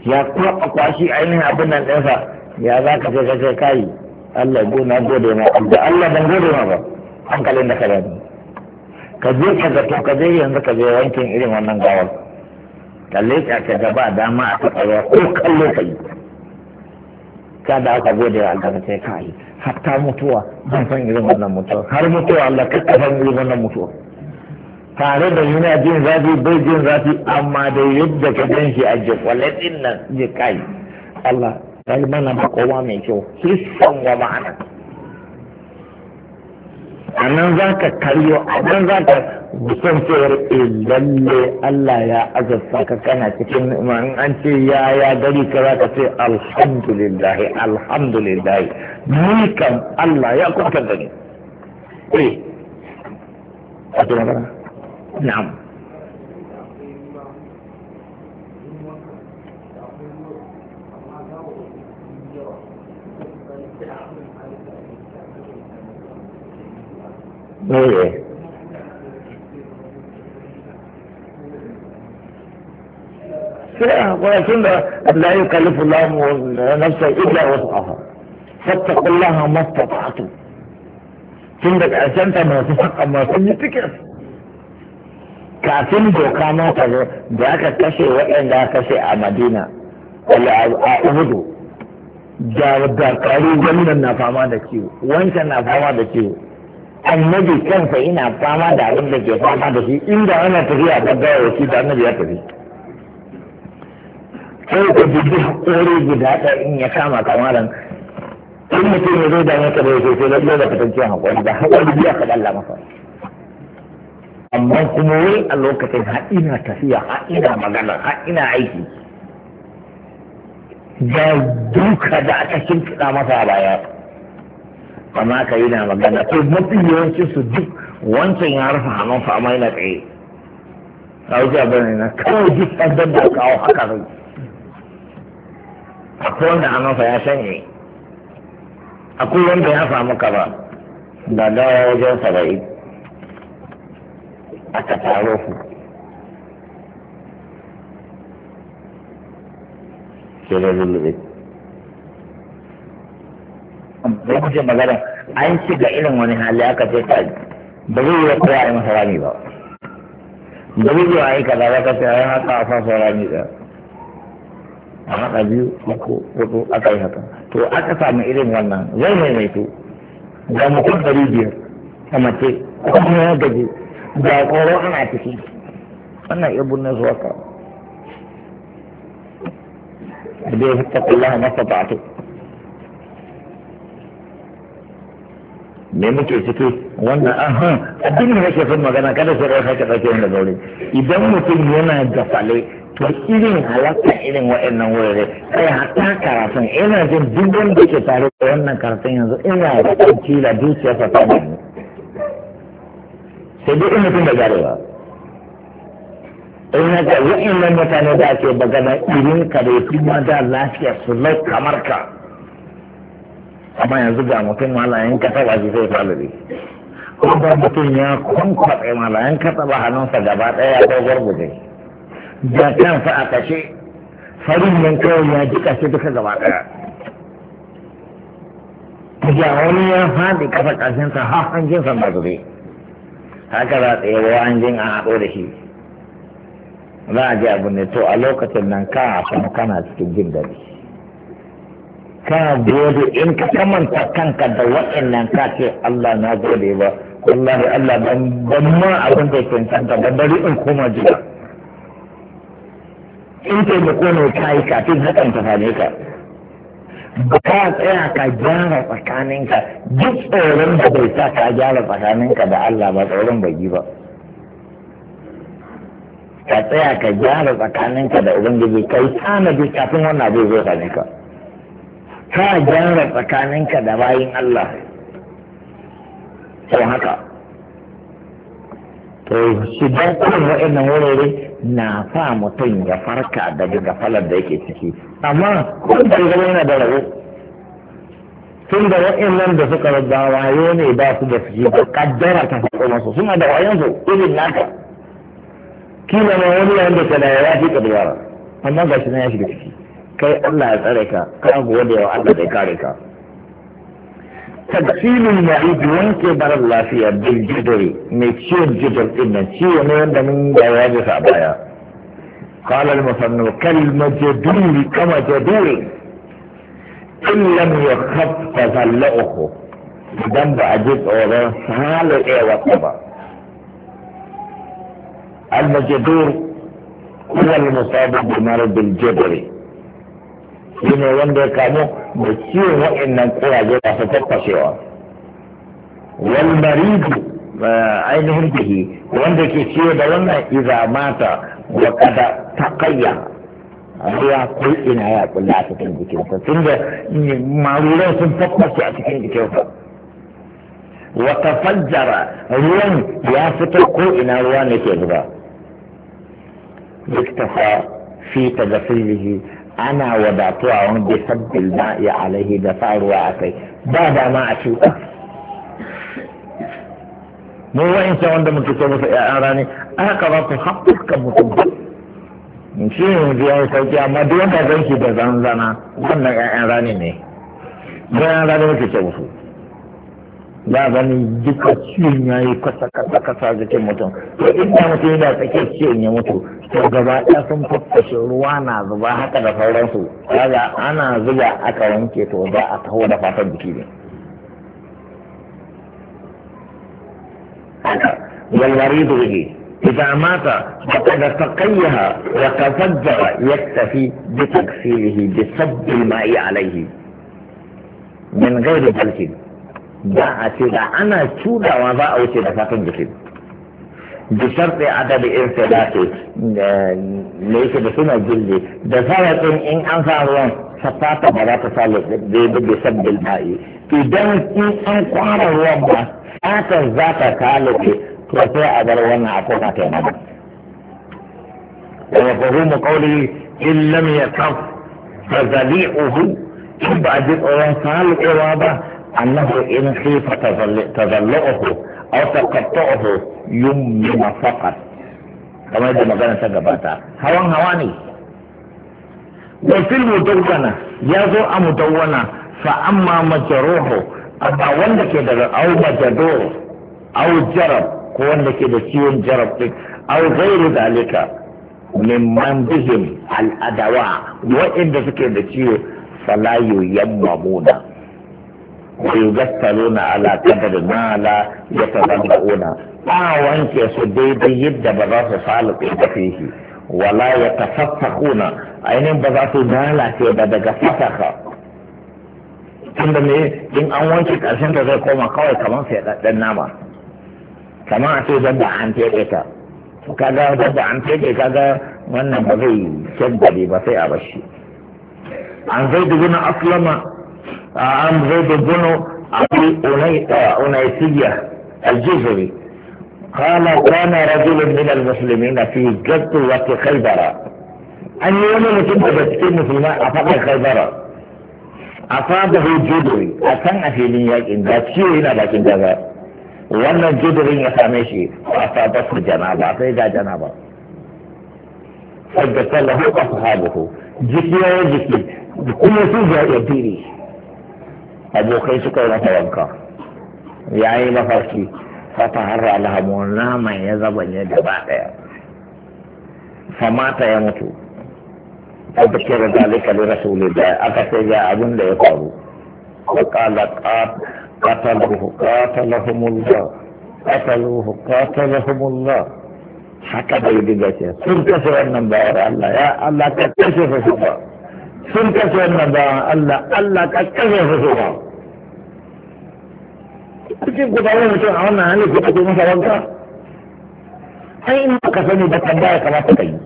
[SPEAKER 1] ya kwaɓa kwashi ainihin abin nan ɗansa ya za ka sai ka sai kayi Allah gona gode ma da Allah ban gode ma ba hankalin da ka bani ka je ka ga to ka je yanzu ka je wankin irin wannan gawar kalle ka ka ga ba dama a tsakawa ko kallo ka yi ka da aka gode wa Allah sai kayi hatta mutuwa ban san irin wannan mutuwa har mutuwa Allah ka san irin wannan mutuwa tare da yuna jin zafi bai jin zafi amma da yadda ka gan shi a jikwale nan ji kai Allah ya yi mana makowa mai kyau hissan wa ma'ana a nan za ka karyo a nan za ka san cewar eh, lalle Allah ya azabta ka kana cikin ma'an an ce ya ya gari ka za ka ce alhamdulillah alhamdulillah ni kam Allah ya kwanta gani. ni. Eh, a magana. na'am Oye. ولكن لا يكلف الله نفسا الا وسعها فاتقوا الله ما استطعتم تندك عشان ما تفقى ما تنجي تكفي kafin doka na ta zo da aka kashe waɗanda aka kashe a madina a uhudu da dakari gwamnan na fama da ciwo wancan na fama da ciwo annabi kansa ina fama da abin da ke fama da shi inda ana tafiya da gawa shi da annabi ya tafi sai ka dubi haƙori guda ɗaya in ya kama kamaran in mutum ya zo da maka da ya ce sai da fitaccen ciwon da haƙori biya ka dalla masa amma kuma wai a lokacin ha ina tafiya ha ina magana ha ina aiki da duka da aka shimfiɗa masa a baya amma ka yi na magana to mafi yawanci su duk wancan ya rufe hannun fa amma yana tsaye a wuce abin na kawai duk ɗan da kawo haka zai akwai wanda hannun fa ya sanye akwai wanda ya samu ba da dawa wajen saba'in aka taro su sai da lullube da kuke magana an shiga irin wani hali aka ce ta. ba zai yi kowa a yi masa rami ba ba zai yi a yi kaza ba ka ce a yi haka a fasa rami ba. a haka biyu uku hudu aka yi haka to aka samu irin wannan zai maimaito ga mutum ɗari biyar a mace kuma ya gaji da koro ana ciki wannan ibn na zuwa ka da ya fita kullum masa ba ta me muke ciki wannan hun abin da nake son magana kada su rai ka dauke wanda gauri idan mutum yana da fale to irin halatta irin wa'annan wurare kai hata karatun ina jin dubban da ke tare da wannan karatun yanzu ina da kila zuciyarsa ta ne sai dai in mutum da gare ba in na ga wa'in mutane da ake bagana irin ka da kuma da lafiya. su lau kamar ka amma yanzu ga mutum malayen ka taba shi sai falari ko ba mutum ya kwankwaɗe malayen ka taba hannunsa gaba ɗaya ya kai gwargwaje da kansa a kashe farin nan kawai ya ji kashe duka gaba ɗaya ga wani ya faɗi ƙasa ƙashinsa har hanjinsa na zure haka za ta yabo an jin an haɗo da shi za a ji abu ne to a lokacin nan ka a sama kana cikin jin daɗi ka gode in ka kamanta kanka da waɗannan ka ce Allah na gode ba wallahi Allah ban ma abin da ke kanta ba bari in koma jiya in taimako ne ta yi kafin hakan ta same ka ba ka tsaya ka gyara tsakaninka duk tsoron da bai sa ka gyara tsakaninka da Allah ba tsoron bagi ba ka tsaya ka gyara tsakaninka da ubangiji ka yi tanadi kafin wannan abu zai same ka ka gyara tsakaninka da bayin Allah sau haka to shi don kuma wa'annan wurare na sa mutum ya farka daga gafalar da yake ciki amma ko da zama yana da rabo tun da wa'annan da suka rabba wayo ne ba su da suke da kaddara ta faɗo masu suna da su irin naka kila ma wani da ta da ya fi kaddara amma ga shi na ya shiga ciki kai Allah ya tsare ka ku gode wa Allah da ya kare ka تدخيل المريض بر الله فيها بالجدر ميتشون الجدر إن شيء من بيان فأبايا قال المصنف كالمجدور كمجدور إن لم يخف أخو بدن بعجب أولا سهال إيه وطبع المجدور هو المصاب بمرض الجبري shi ne wanda ya kamo da ciwon wa'annan kuraje da su taffashewa wal maridu ainihin bihi wanda ke ciwo da wannan iza mata wa kada taqayya ruwa ko ina ya kula ta cikin jikinsa tunda maruran sun taffashe a cikin jikinsa wa tafajjara ruwan ya fita ko ina ruwa ne ke zuba iktafa fi tagafilihi ana wadatuwa wani bisan bilba ya alaihi da sa ruwa a kai ba dama a cuta mu wa'insa wanda muke ce musu ya'yan rani aka ba ku haɓɓukan mutum shi ne yanzu ya sauki amma duk wanda zan ki da zanzana wannan ya'yan rani ne bayan rani muke ce musu za gani duka ciwon ya yi kasa kasa kasa jikin mutum to in da mutum yana tsakiyar ciwon ya mutu to gaba ɗaya sun faffashe ruwa na zuba haka da sauransu kaga ana zuba aka wanke to za a taho da fatan jiki ne والمريض به إذا مات فقد تقيها وتفجر يكتفي بتكفيره بصب الماء عليه من غير بلد da a ce da ana cudawa za a wuce da fatan jikin da sharɗin adadin irtilati da yake da suna gilli da sarrafin in an sa ruwan safata ba za ta sa da da sabbin ba'i idan in an kwara ruwan ba fatar za ta kalabe to sai a bar wannan a kuma ta yana wa fahimu qawli in lam yakaf fa zali'uhu in ba a ji tsoron kalabewa ba أنه إن خيف تذلعه أو تقطعه يمنع فقط كما يجب مغانا تقباتا هوان هواني وفي المدونة يزو أمدونة فأما مجروحه أما وندك أو مجدور أو جرب وندك دسيون جرب أو غير ذلك ممن بهم الأدواء وإن ذكر دسيون فلا ييممونه ويغسلون على قدر ما لا يتبرؤون لا وانك سديدي يبدا بذات فيه ولا يتفسخون اين بذات دالا في بدك فسخ tunda ne in an wanke karshen da zai koma kawai kamar fedadden nama kamar a ce zabba an fede ka kaga zabba an kaga wannan ba zai kyan ba sai a bashi an zai duguna aslama عام زيد بن أبي أنيسية الجزري قال كان رجل من المسلمين في جدوة خيبر أن يوم كنت بسكين في الماء أفاق خيبر أصابه جدري أكان في نية إن ذا هنا لكن ذا وأن الجدري يسامشي وأصابته جنابة فإذا جنابة فجت له أصحابه جكي وجكي كل سجى يديري abokai suka yi masa wanka ya yi mafarki fata har alhamu naman ya zabanye gaba ɗaya famata ya mutu abkir zalika li rasulillah aka ce ga abin da ya faru وقال قتلوه قاتلهم الله قتلوه قاتلهم الله haka bai diga ce sun kashe wannan bayan Allah ya Allah ka kashe su ba sun kashe wannan Allah ka kashe ba cikin gudanar mutum a wannan hannun ko kuma masa wanka ai in ka sani ba ya kamata ka yi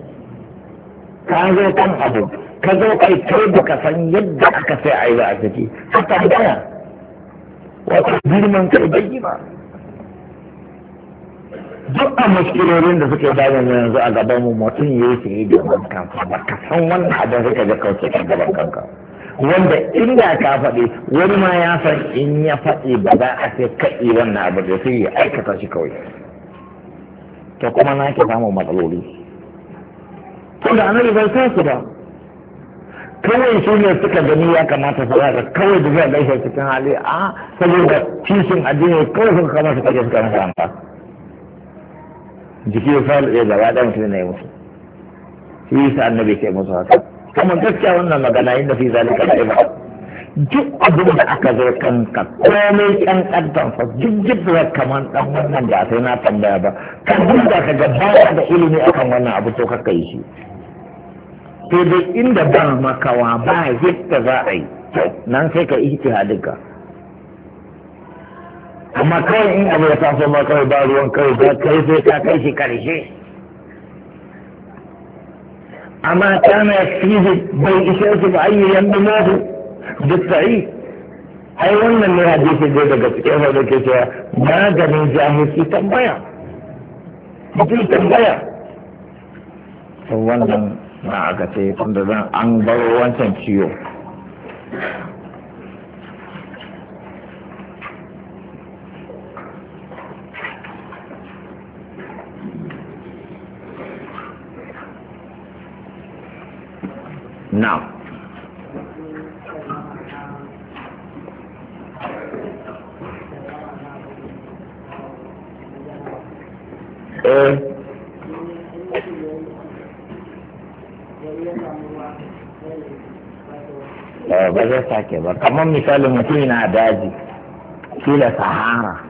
[SPEAKER 1] ka zo kan abu ka zo kai kai da ka san yadda aka sai a yi ba a ciki ka tambaya wato girman kai bayyana duk a maskilorin da suke bayan yanzu a gaban mu mutum ya yi su yi domin ba ka san wannan abin suka ga ke kan gaban kanka. wanda inda ka faɗi wani ma ya san in ya faɗi ba za a sai kaɗi wannan abu da sai ya aikata shi kawai to kuma na ke samun matsaloli to da annabi bai san su ba kawai su ne suka gani ya kamata su zaka kawai da zai gaishe cikin hali a saboda kishin addini kawai suka kama su kaje suka masa amfa jiki ya fara ya gaba da mutum ne musu shi yasa annabi ke musu haka kuma gaskiya wannan magana inda fi zalika da ibra duk abin da aka zo kanka komai kankantan fa duk jibra kamar dan wannan da sai na tambaya ba kan duk da ka gaba da ilimi akan wannan abu to kaka yi shi to dai inda ba makawa ba yadda za a yi nan sai ka ijtihadinka amma kawai in abu ya taso ma kawai ba ruwan kawai ba kai sai ka kai shi karshe bai أما كان يكفيه بين إشارة بعين ينبماه بالصعيد ai wannan ne hadisi zai daga cikin wanda ke cewa maganin jahilci tambaya mutum tambaya wannan na aka ce tunda zan an bar wancan ciwo na'am eh. eh ba zai sake ba kamar misalin mutum na daji kila sahara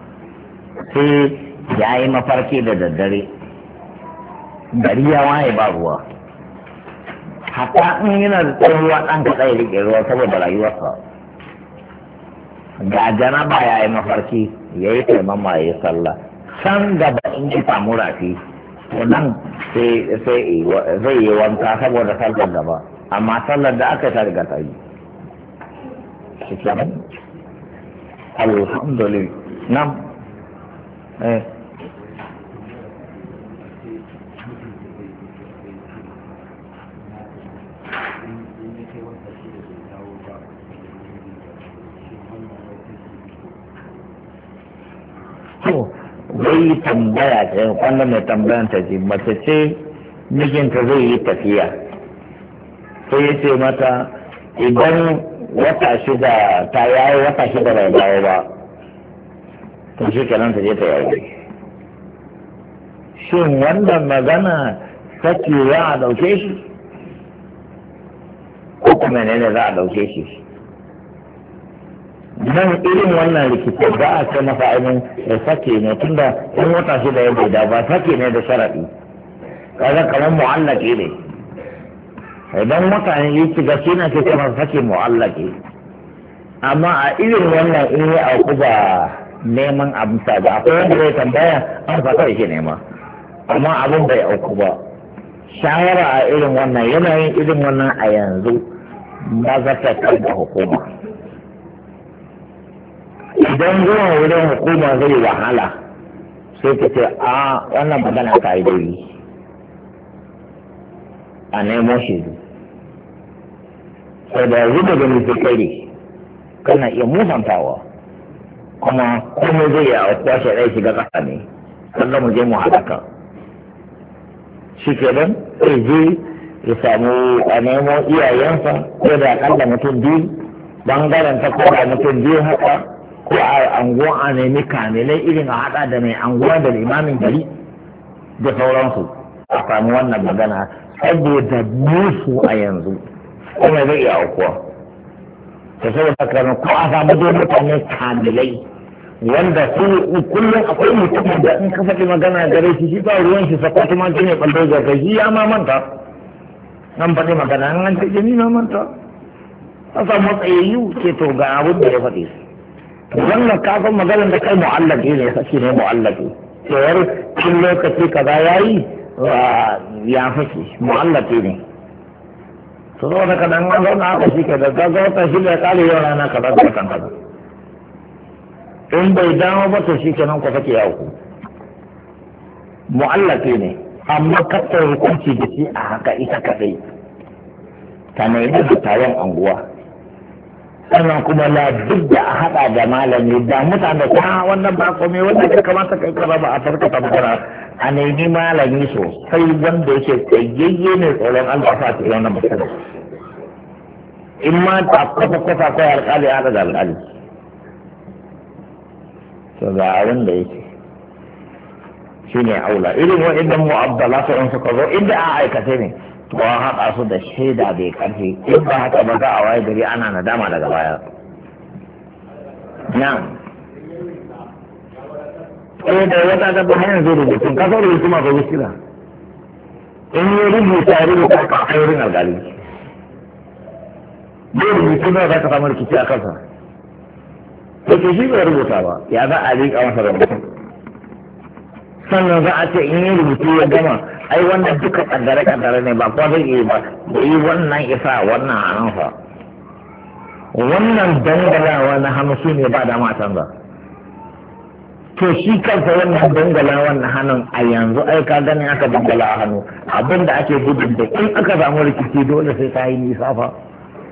[SPEAKER 1] sai ya yi mafarki da daddare gari ya waye ba ruwa hatta in yana da tsawon ruwa ɗan kaɗai riƙe ruwa saboda rayuwarsa ga janaba ya yi mafarki ya yi taimama ya yi sallah san gaba in ki samu rafi to nan zai yi wanka saboda sallar gaba amma sallar da aka ta riga ta yi alhamdulillah nan eh. to zai tambaya ta yau kwanan mai tambayan ta ce mace ce mijinta zai yi tafiya sai ya ce mata idan wata shida ta yayi wata shida bai dawo ba to shi kenan ta je ta yayi shin wannan magana kake za a ɗauke shi ko kuma ne za a ɗauke shi nan irin wannan rikici ba a ce masa ainihin eh, sake ne tunda in wata shi da yadda da ba sake ne da sharaɗi kaga kamar mu'allaki ne idan wata ne yi shiga shi na ke kamar sake mu'allaki amma a irin wannan in yi auku ba neman amsa ba akwai wanda zai tambaya an sa kawai shi nema amma abin bai auku ba shawara a irin wannan yanayin irin wannan a yanzu ba za ta kai da hukuma idan zuwa wurin hukuma zai wahala sai ka ce a wannan magana ka yi dai a nemo shi sai da yanzu da gani sai kana iya musantawa kuma kuma zai yi a kwashe rai shiga ƙasa ne kan mu je mu haɗaka shi ke nan sai je ya samu a nemo iyayensa ko da akalla mutum biyu bangaren ta kowa mutum biyu haka ko a anguwa a nemi kamilai irin a hada da mai anguwa da limamin gari da sauransu a sami wannan magana saboda musu a yanzu kuma zai iya aukuwa ta wata karin ko a samu dai mutane kamilai wanda su kullum akwai mutum da in ka faɗi magana gare shi shi ba ruwan shi sakwa kuma shi ne ɓallar ga kai shi ya ma manta an faɗi magana an an ce ni na manta a samu tsayayyu ke to ga abin da ya faɗi su wannan kafin maganar da kai mu'allaki ne saki ne mu'allaki cewar cin lokaci kaza yayi ya fake mu'allaki ne to zo da kadan an zauna aka shi ke da ta shi da kare yau rana kaza da kan kaza in bai dawo ba to shi kenan ku fake yawo mu'allaki ne amma kakkan hukunci da shi a haka ita kadai ta mai da taron anguwa sannan kuma la duk da a haɗa da malami da mutane ta wannan ba komai wanda ya kamata kai kara ba a farka tambara a nemi malami sai wanda yake tsayayye ne tsoron Allah sa ta wannan masana in ma ta kafa kafa ko alƙali ya da alƙali to ga abin da yake shine aula irin wa'annan mu'abbala su in suka zo inda a aikace ne Wa an haɗa su da shaida bai karfi in ba haka ba za a waye gari ana nadama daga baya nan eh da wata ta ba hanyar zai rubutun ka zai rubutu ma ba wuskila in yi rubuta ya rubuta ka a wurin algali zai rubutu na za ka samu rikici a kansa to ke shi bai rubuta ba ya za a riƙa masa mutum. sannan za a ce in yi rubutu ya gama ai wannan duka kaddare kaddare ne ba kuma zai yi ba da yi wannan isa wannan a nan fa wannan dangalawa na hannu su ne ba da matan canza to shi kansa wannan dangalawa na hannun a yanzu ai ka gani aka dangala a hannu abinda ake gudun da in aka samu rikici dole sai ta yi nisa fa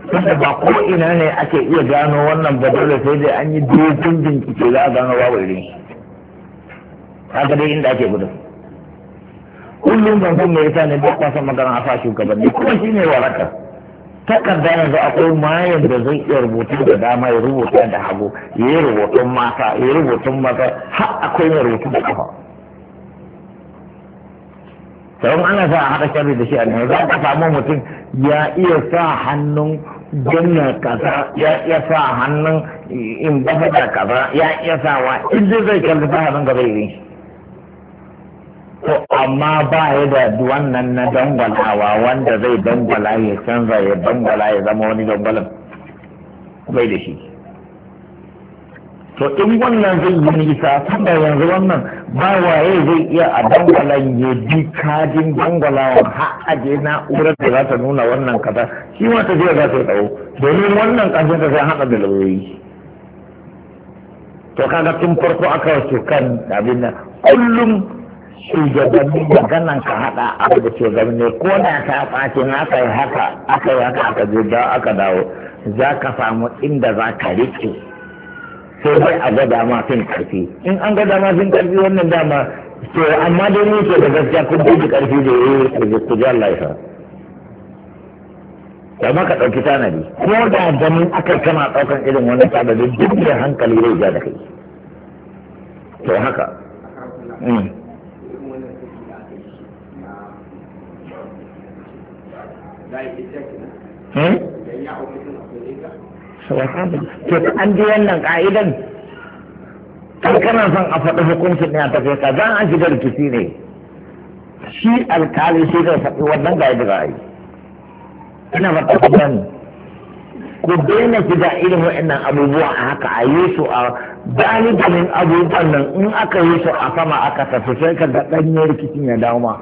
[SPEAKER 1] tunda ba ko ina ne ake iya gano wannan ba dole sai dai an yi dokin bincike za a gano babu irin shi Haka dai inda ake gudun kullum ban san me yasa ne duk kwasan magana a fashi gabanni kuma shi ne waraka takarda yanzu akwai mayan da zai iya rubutu da dama ya rubuta da hagu ya yi rubutun mata ya yi rubutun maza har akwai mai rubutu da kafa sauran ana sa a haɗa shari'a da shi a nan za ka samu mutum ya iya sa hannun ganna kaza ya iya sa hannun in ba da kaza ya iya sa wa in zai kalli sa hannun gaba irin shi amma ba ya da wannan na dangwalawa wanda zai dangwala ya canza ya dangwala ya zama wani dangwalan bai da shi to in wannan zai yi nisa tunda yanzu wannan ba waye zai iya a dangwalan ya bi kajin dangwalawa har a na na'urar da za ta nuna wannan kaza shi ma zai za ta tsawo domin wannan ƙarshen ta sai haɗa da lauyoyi to kaga tun farko aka wace kan abin nan kullum shugabanni maganan ka haɗa abu da shugabanni ko da ka ɓace na ka yi haka aka yi haka aka je da aka dawo za ka samu inda za ka rike sai dai a ga dama fin ƙarfi in an ga dama fin ƙarfi wannan dama to amma dai ni ke da gaskiya kun ji ƙarfi da yayi ku ji Allah ya da maka ɗauki tanadi ko da ganin aka kama ɗaukan irin wannan tanadi duk da hankali zai ja da kai to haka hmm.
[SPEAKER 3] Hmm?
[SPEAKER 1] to an ji wannan ka'idan kai kana son a faɗi hukuncin ne a tafiya ka zan an rikici ne shi alkali shi zai faɗi wannan ga yadda za a yi ina faɗa ku ku daina shiga irin waɗannan abubuwa a haka a yi su a galibin abubuwan nan in aka yi su a sama aka tafi sai ka ga ɗanyen rikicin ya dawo ma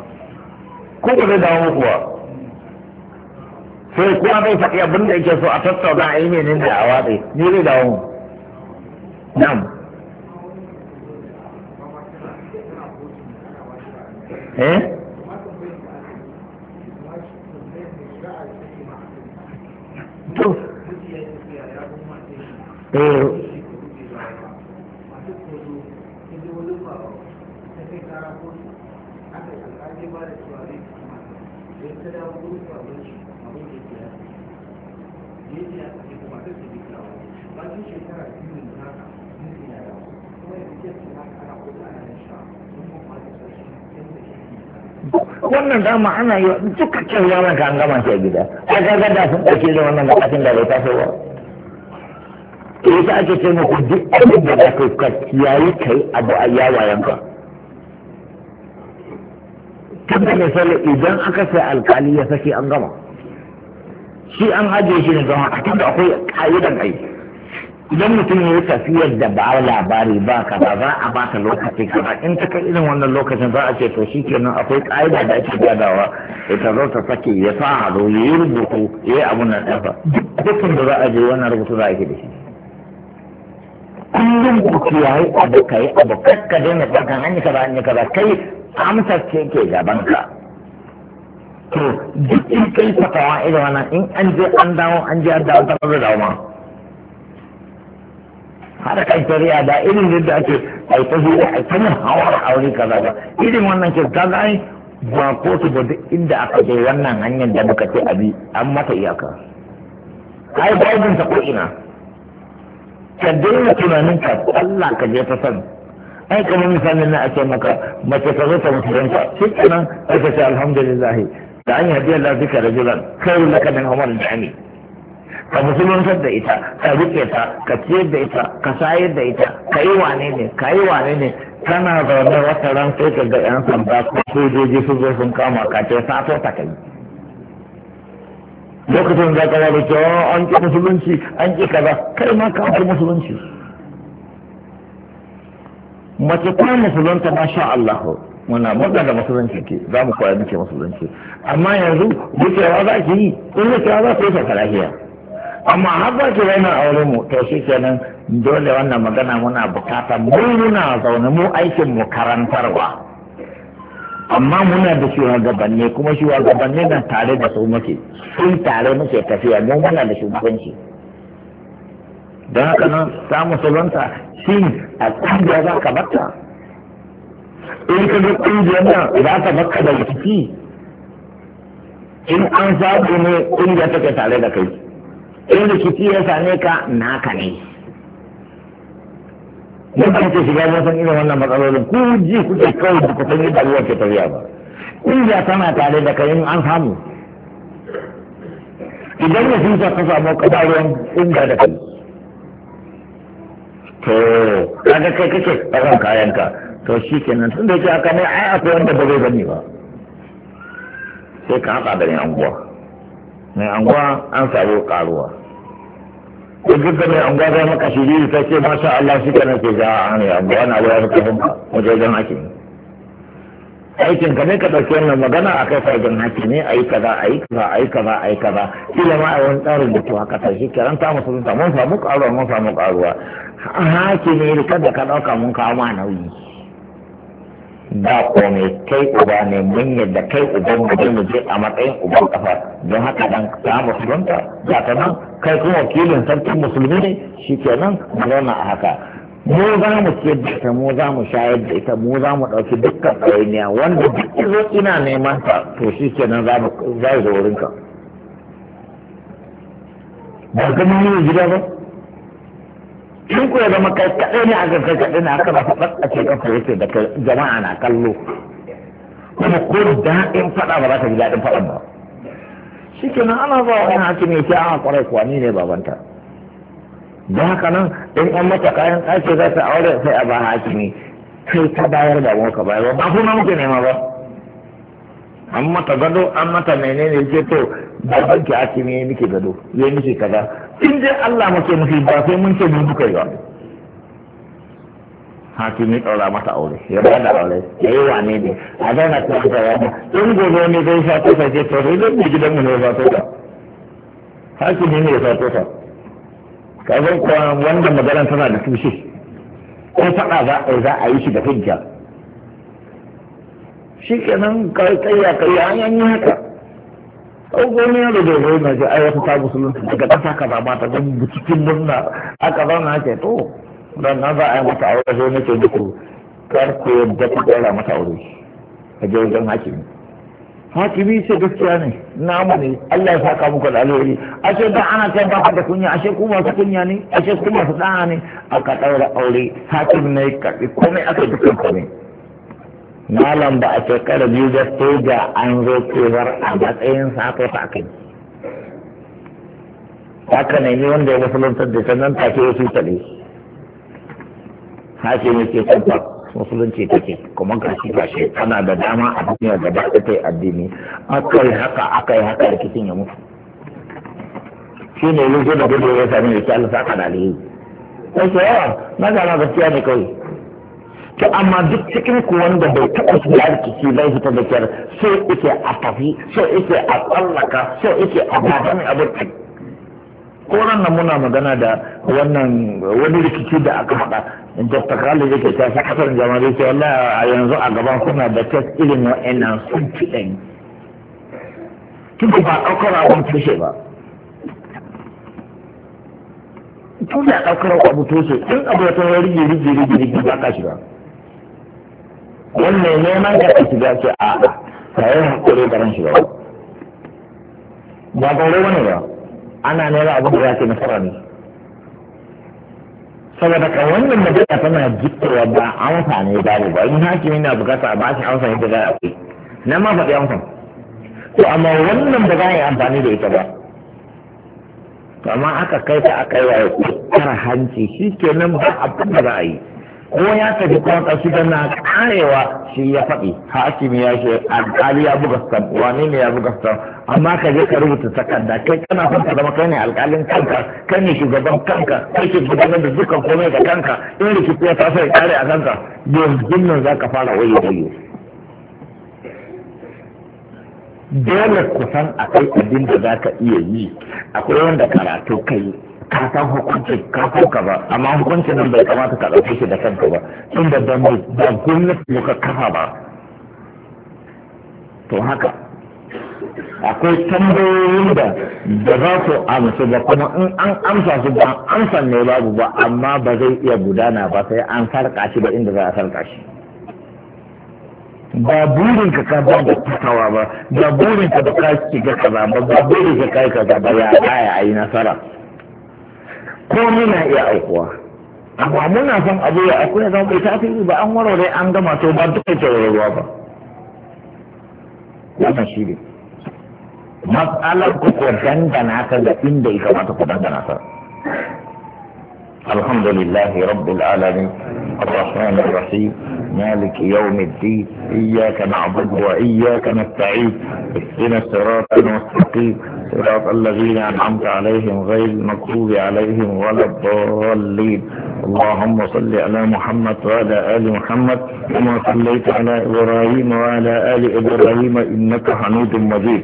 [SPEAKER 1] ko ba zai dawo kuwa sai kuma bai faɗi abin da yake so a tattauna a yi ne da a watsi ni zai dawo mu nam eh
[SPEAKER 3] to eh sha kuma ba da
[SPEAKER 1] wannan dama ana yi duka kyau ranar ka an gama shi a gida a gaga da sun ɗauke da wannan da bai taso ba yasa ake ce muku duk abin da za ka yayi kai abu a yawayen ka tun da idan aka sai alkali ya sake an gama shi an ajiye shi ne zama a tunda akwai ka'idan aiki idan mutum ya yi tafiyar da ba labari ba ka ba za a baka lokaci kaza in ta kai irin wannan lokacin za a ce to shi kenan akwai ka'ida da ake gadawa ya ta zo ta sake ya sa hazo ya yi rubutu ya yi abun nan ɗafa dukkan da za a je wannan rubutu za a ke da shi kullum ku kiyaye abu ka yi abu kakka daina ɗakan an yi kaza an yi kaza kai amsar ce ke gaban ka to duk in kai fatawa irin wana in an je an dawo an je an dawo ta da dawo ma har kan shari'a da irin yadda ake aikahi da aikahin hawar aure kaza ba irin wannan ke kaza ai ba ko su ba duk inda aka je wannan hanyar da muka ce abi an mata iyaka ai ba ta ko ina ka daina tunanin ka Allah ka je ta san ai kamar misalin na ake maka mace ta zo ta mutu ranka shi kenan ai ka ce alhamdulillah da an hadiyar Allah da jiran kai laka min umar da ami ka musuluntar da ita ka rike ta ka ciyar da ita ka sayar da ita ka yi wane ne ka yi wane ne kana zaune wata ran sai ka ga yan sanda ko sojoji su zo sun kama ka ce sato ta kai lokacin da ka wani cewa oh, an ƙi musulunci an ƙi kaza kai ma ka ƙi musulunci mace ta musulunta masha Allah muna murna da musulunci ke za mu koya muke musulunci amma yanzu gucewa za ki yi in wucewa za ku yi lafiya amma har ba ki raina auren mu to shi kenan dole wannan magana muna bukata mu muna zaune mu aikin mu karantarwa amma muna da shugabanni kuma shugabanni na tare da su muke sun tare muke tafiya mu muna da shugabanci don haka nan ta musulunta shi a tsanga za ka bata in ka ga ƙungiyar nan za ta baka da ciki in an samu ne ƙungiyar take tare da kai in rikici ya same ka naka ne mun kan ce shiga mun san irin wannan matsalolin ku ji ku ce kawai da kusan yadda ruwa ke tafiya ba ƙungiya tana tare da kai in an samu idan ya fi ta kasa samu kadarwar ƙungiya da kai to kaga kai kake kayan ka to shi kenan tun da yake haka ne ai akwai wanda ba zai bani ba sai ka haɗa da mai anguwa mai anguwa an samu karuwa ko duk da mai anguwa zai maka shiri ta ce masha Allah shi kenan ke ja a ya anguwa na wayar kafin ka wajen ake aikin ka ne ka ɗauki wannan magana a kai farjin haki ne a yi kaza a yi kaza a yi kaza a yi kaza kila ma a wani ɗan rubutu haka ta shi kiran ta musu ta mun samu ƙaruwa mun samu ƙaruwa haki ne kada ka ɗauka mun kawo ma nauyi ba kome kai uba ne mun yadda kai uban mu mu je a matsayin uban kafa don haka dan ta musulunta ya ta nan kai kuma wakilin sarkin musulmi ne shi kenan mu zauna a haka mu za mu ciyar da ita mu za mu shayar da ita mu za mu ɗauki dukkan ɗawainiya wanda duk zo ina neman ta to shi kenan za mu za zo wurin ka ba ga mun gida ba in ku ya zama kai kaɗai ne a gaske kaɗai ne aka ba ɗan a cikin kafa yake da jama'a na kallo kuma ko daɗin faɗa ba za ka ji daɗin faɗan ba shi nan ana zuwa wani hakimi ya ce a kwarai kuwa ni ne babanta. don haka nan in an mata kayan ɗaki za ta aure sai a ba hakimi Sai ta bayar da mu bayar ba kuma muke nema ba an mata gado an mata menene ce to ba banki hakimi ya miki gado ya miki kaza in dai Allah muke muke ba sai mun ce mun duka yi ba hakimi ɗaura mata aure ya ba da aure ya yi wane ne a zana ta ta ba in gobe ne zai sa ta sake ce to sai zai gidan mu ne ba ta. da hakimi ne ya sa ta kafin kuwa wanda magana tana da tushe ko faɗa za a za a yi shi da hujja shi kenan kai ya kai an yi haka au gani yaro da zai na ji ai ta musulunci daga ƙasa ka zama ta zan bucikin murna aka zauna ce to dan na za a yi mata aure zo nake duku kar ku yadda ku ɗora mata aure a je wajen hakimi hakimi ce gaskiya ne namu ne Allah ya saka muku da alheri ashe da ana kai ba da kunya ashe ku masu kunya ne ashe ku masu da'a ne aka daura aure hakimi ne karbi komai aka dukkan komai malam ba a shekara biyu da soja an zo cewar a matsayin sa aka yi haka ne ni wanda ya musulunta da sannan take ya tsale hakimi ke kan musulunci take kuma ka gashi gashi ana da dama a duniya da da ta yi addini yi haka yi haka rikicin ya mutu shi ne yanzu da gudu ya sami da kyalla a kan alihi sai ke yawa na gana gaskiya ne kawai to amma duk cikin ku wanda bai taɓa da rikici zai fita da kyar so ike a tafi so ike a tsallaka so ike a babban abin ko nan muna magana da wannan wani rikici da aka faɗa in Dr. Khalid yake ta sa kasar jamari ce wallahi a yanzu a gaban kuna da test ilimin wa'annan sun fi ɗan. Kin ba ɗaukar abin tushe ba. Tun da ɗaukar abu tushe in abu ya tawo rigi rigi rigi rigi ba ka shiga. Wannan neman da ka shiga ce a ka yi haƙuri da ran shiga ba. Ba ga wani ba ana naira abin da za ke nasara ne. saboda ka wannan magana tana jikkowa ba amsa ne ba ba in hakimi na bukata a bashi amsa ne daga ake na ma faɗi hausa to amma wannan ba za a yi amfani da ita ba to amma aka kai ta aka yi wa kara hanci shi ke nan ba abin da za a yi ko ya tafi kwanta shi na karewa shi ya faɗi hakimi ya ce alƙali ya buga stamp wani ne ya buga stamp amma ka je ka rubuta takarda kai kana son ka zama kai ne alƙalin kanka kai ne shugaban kanka kai ke gudanar da dukkan komai da kanka in rikici ya taso ya kare a kanka yanzu nan za ka fara waye yau dole kusan akwai abin da za ka iya yi akwai wanda karatu kai ka san hukuncin ka ko ka ba amma hukunci nan bai kamata ka dauke shi da kanka ba tun da ba gwamnati muka kafa ba to haka akwai tambayoyin da da za su amsu ba kuma in an amsa su ba amsa ne babu ba amma ba zai iya gudana ba sai an sarka shi ba inda za a sarka shi ba burin ka ka ba da kasawa ba ba burin ka da ka shiga kaza ba ba burin ka kai kaza ba ya baya ayi nasara ko na iya aikuwa amma muna son abu ya aiku ya zama bai tafi ba an warware an gama to ba duka ke ruwa ba wannan shi ne matsalar ku ko dangana ka da inda ya kamata ku dangana ka الحمد لله رب العالمين الرحمن الرحيم مالك يوم الدين إياك نعبد وإياك نستعين اهدنا الصراط المستقيم صراط الذين أنعمت عليهم غير المكروب عليهم ولا الضالين اللهم صل على محمد وعلى آل محمد كما صليت على إبراهيم وعلى آل إبراهيم إنك حميد مجيد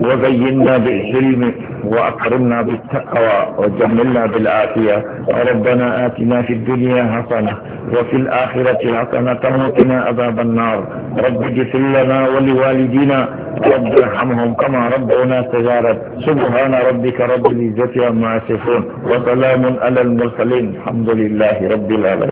[SPEAKER 1] وزينا بالحلم وأكرمنا بالتقوى وجملنا بالعافية ربنا آتنا في الدنيا حسنة وفي الآخرة حسنة وقنا عذاب النار رب اغفر لنا ولوالدينا رب ارحمهم كما ربنا صغارا سبحان ربك رب العزة عما يصفون وسلام على المرسلين الحمد لله رب العالمين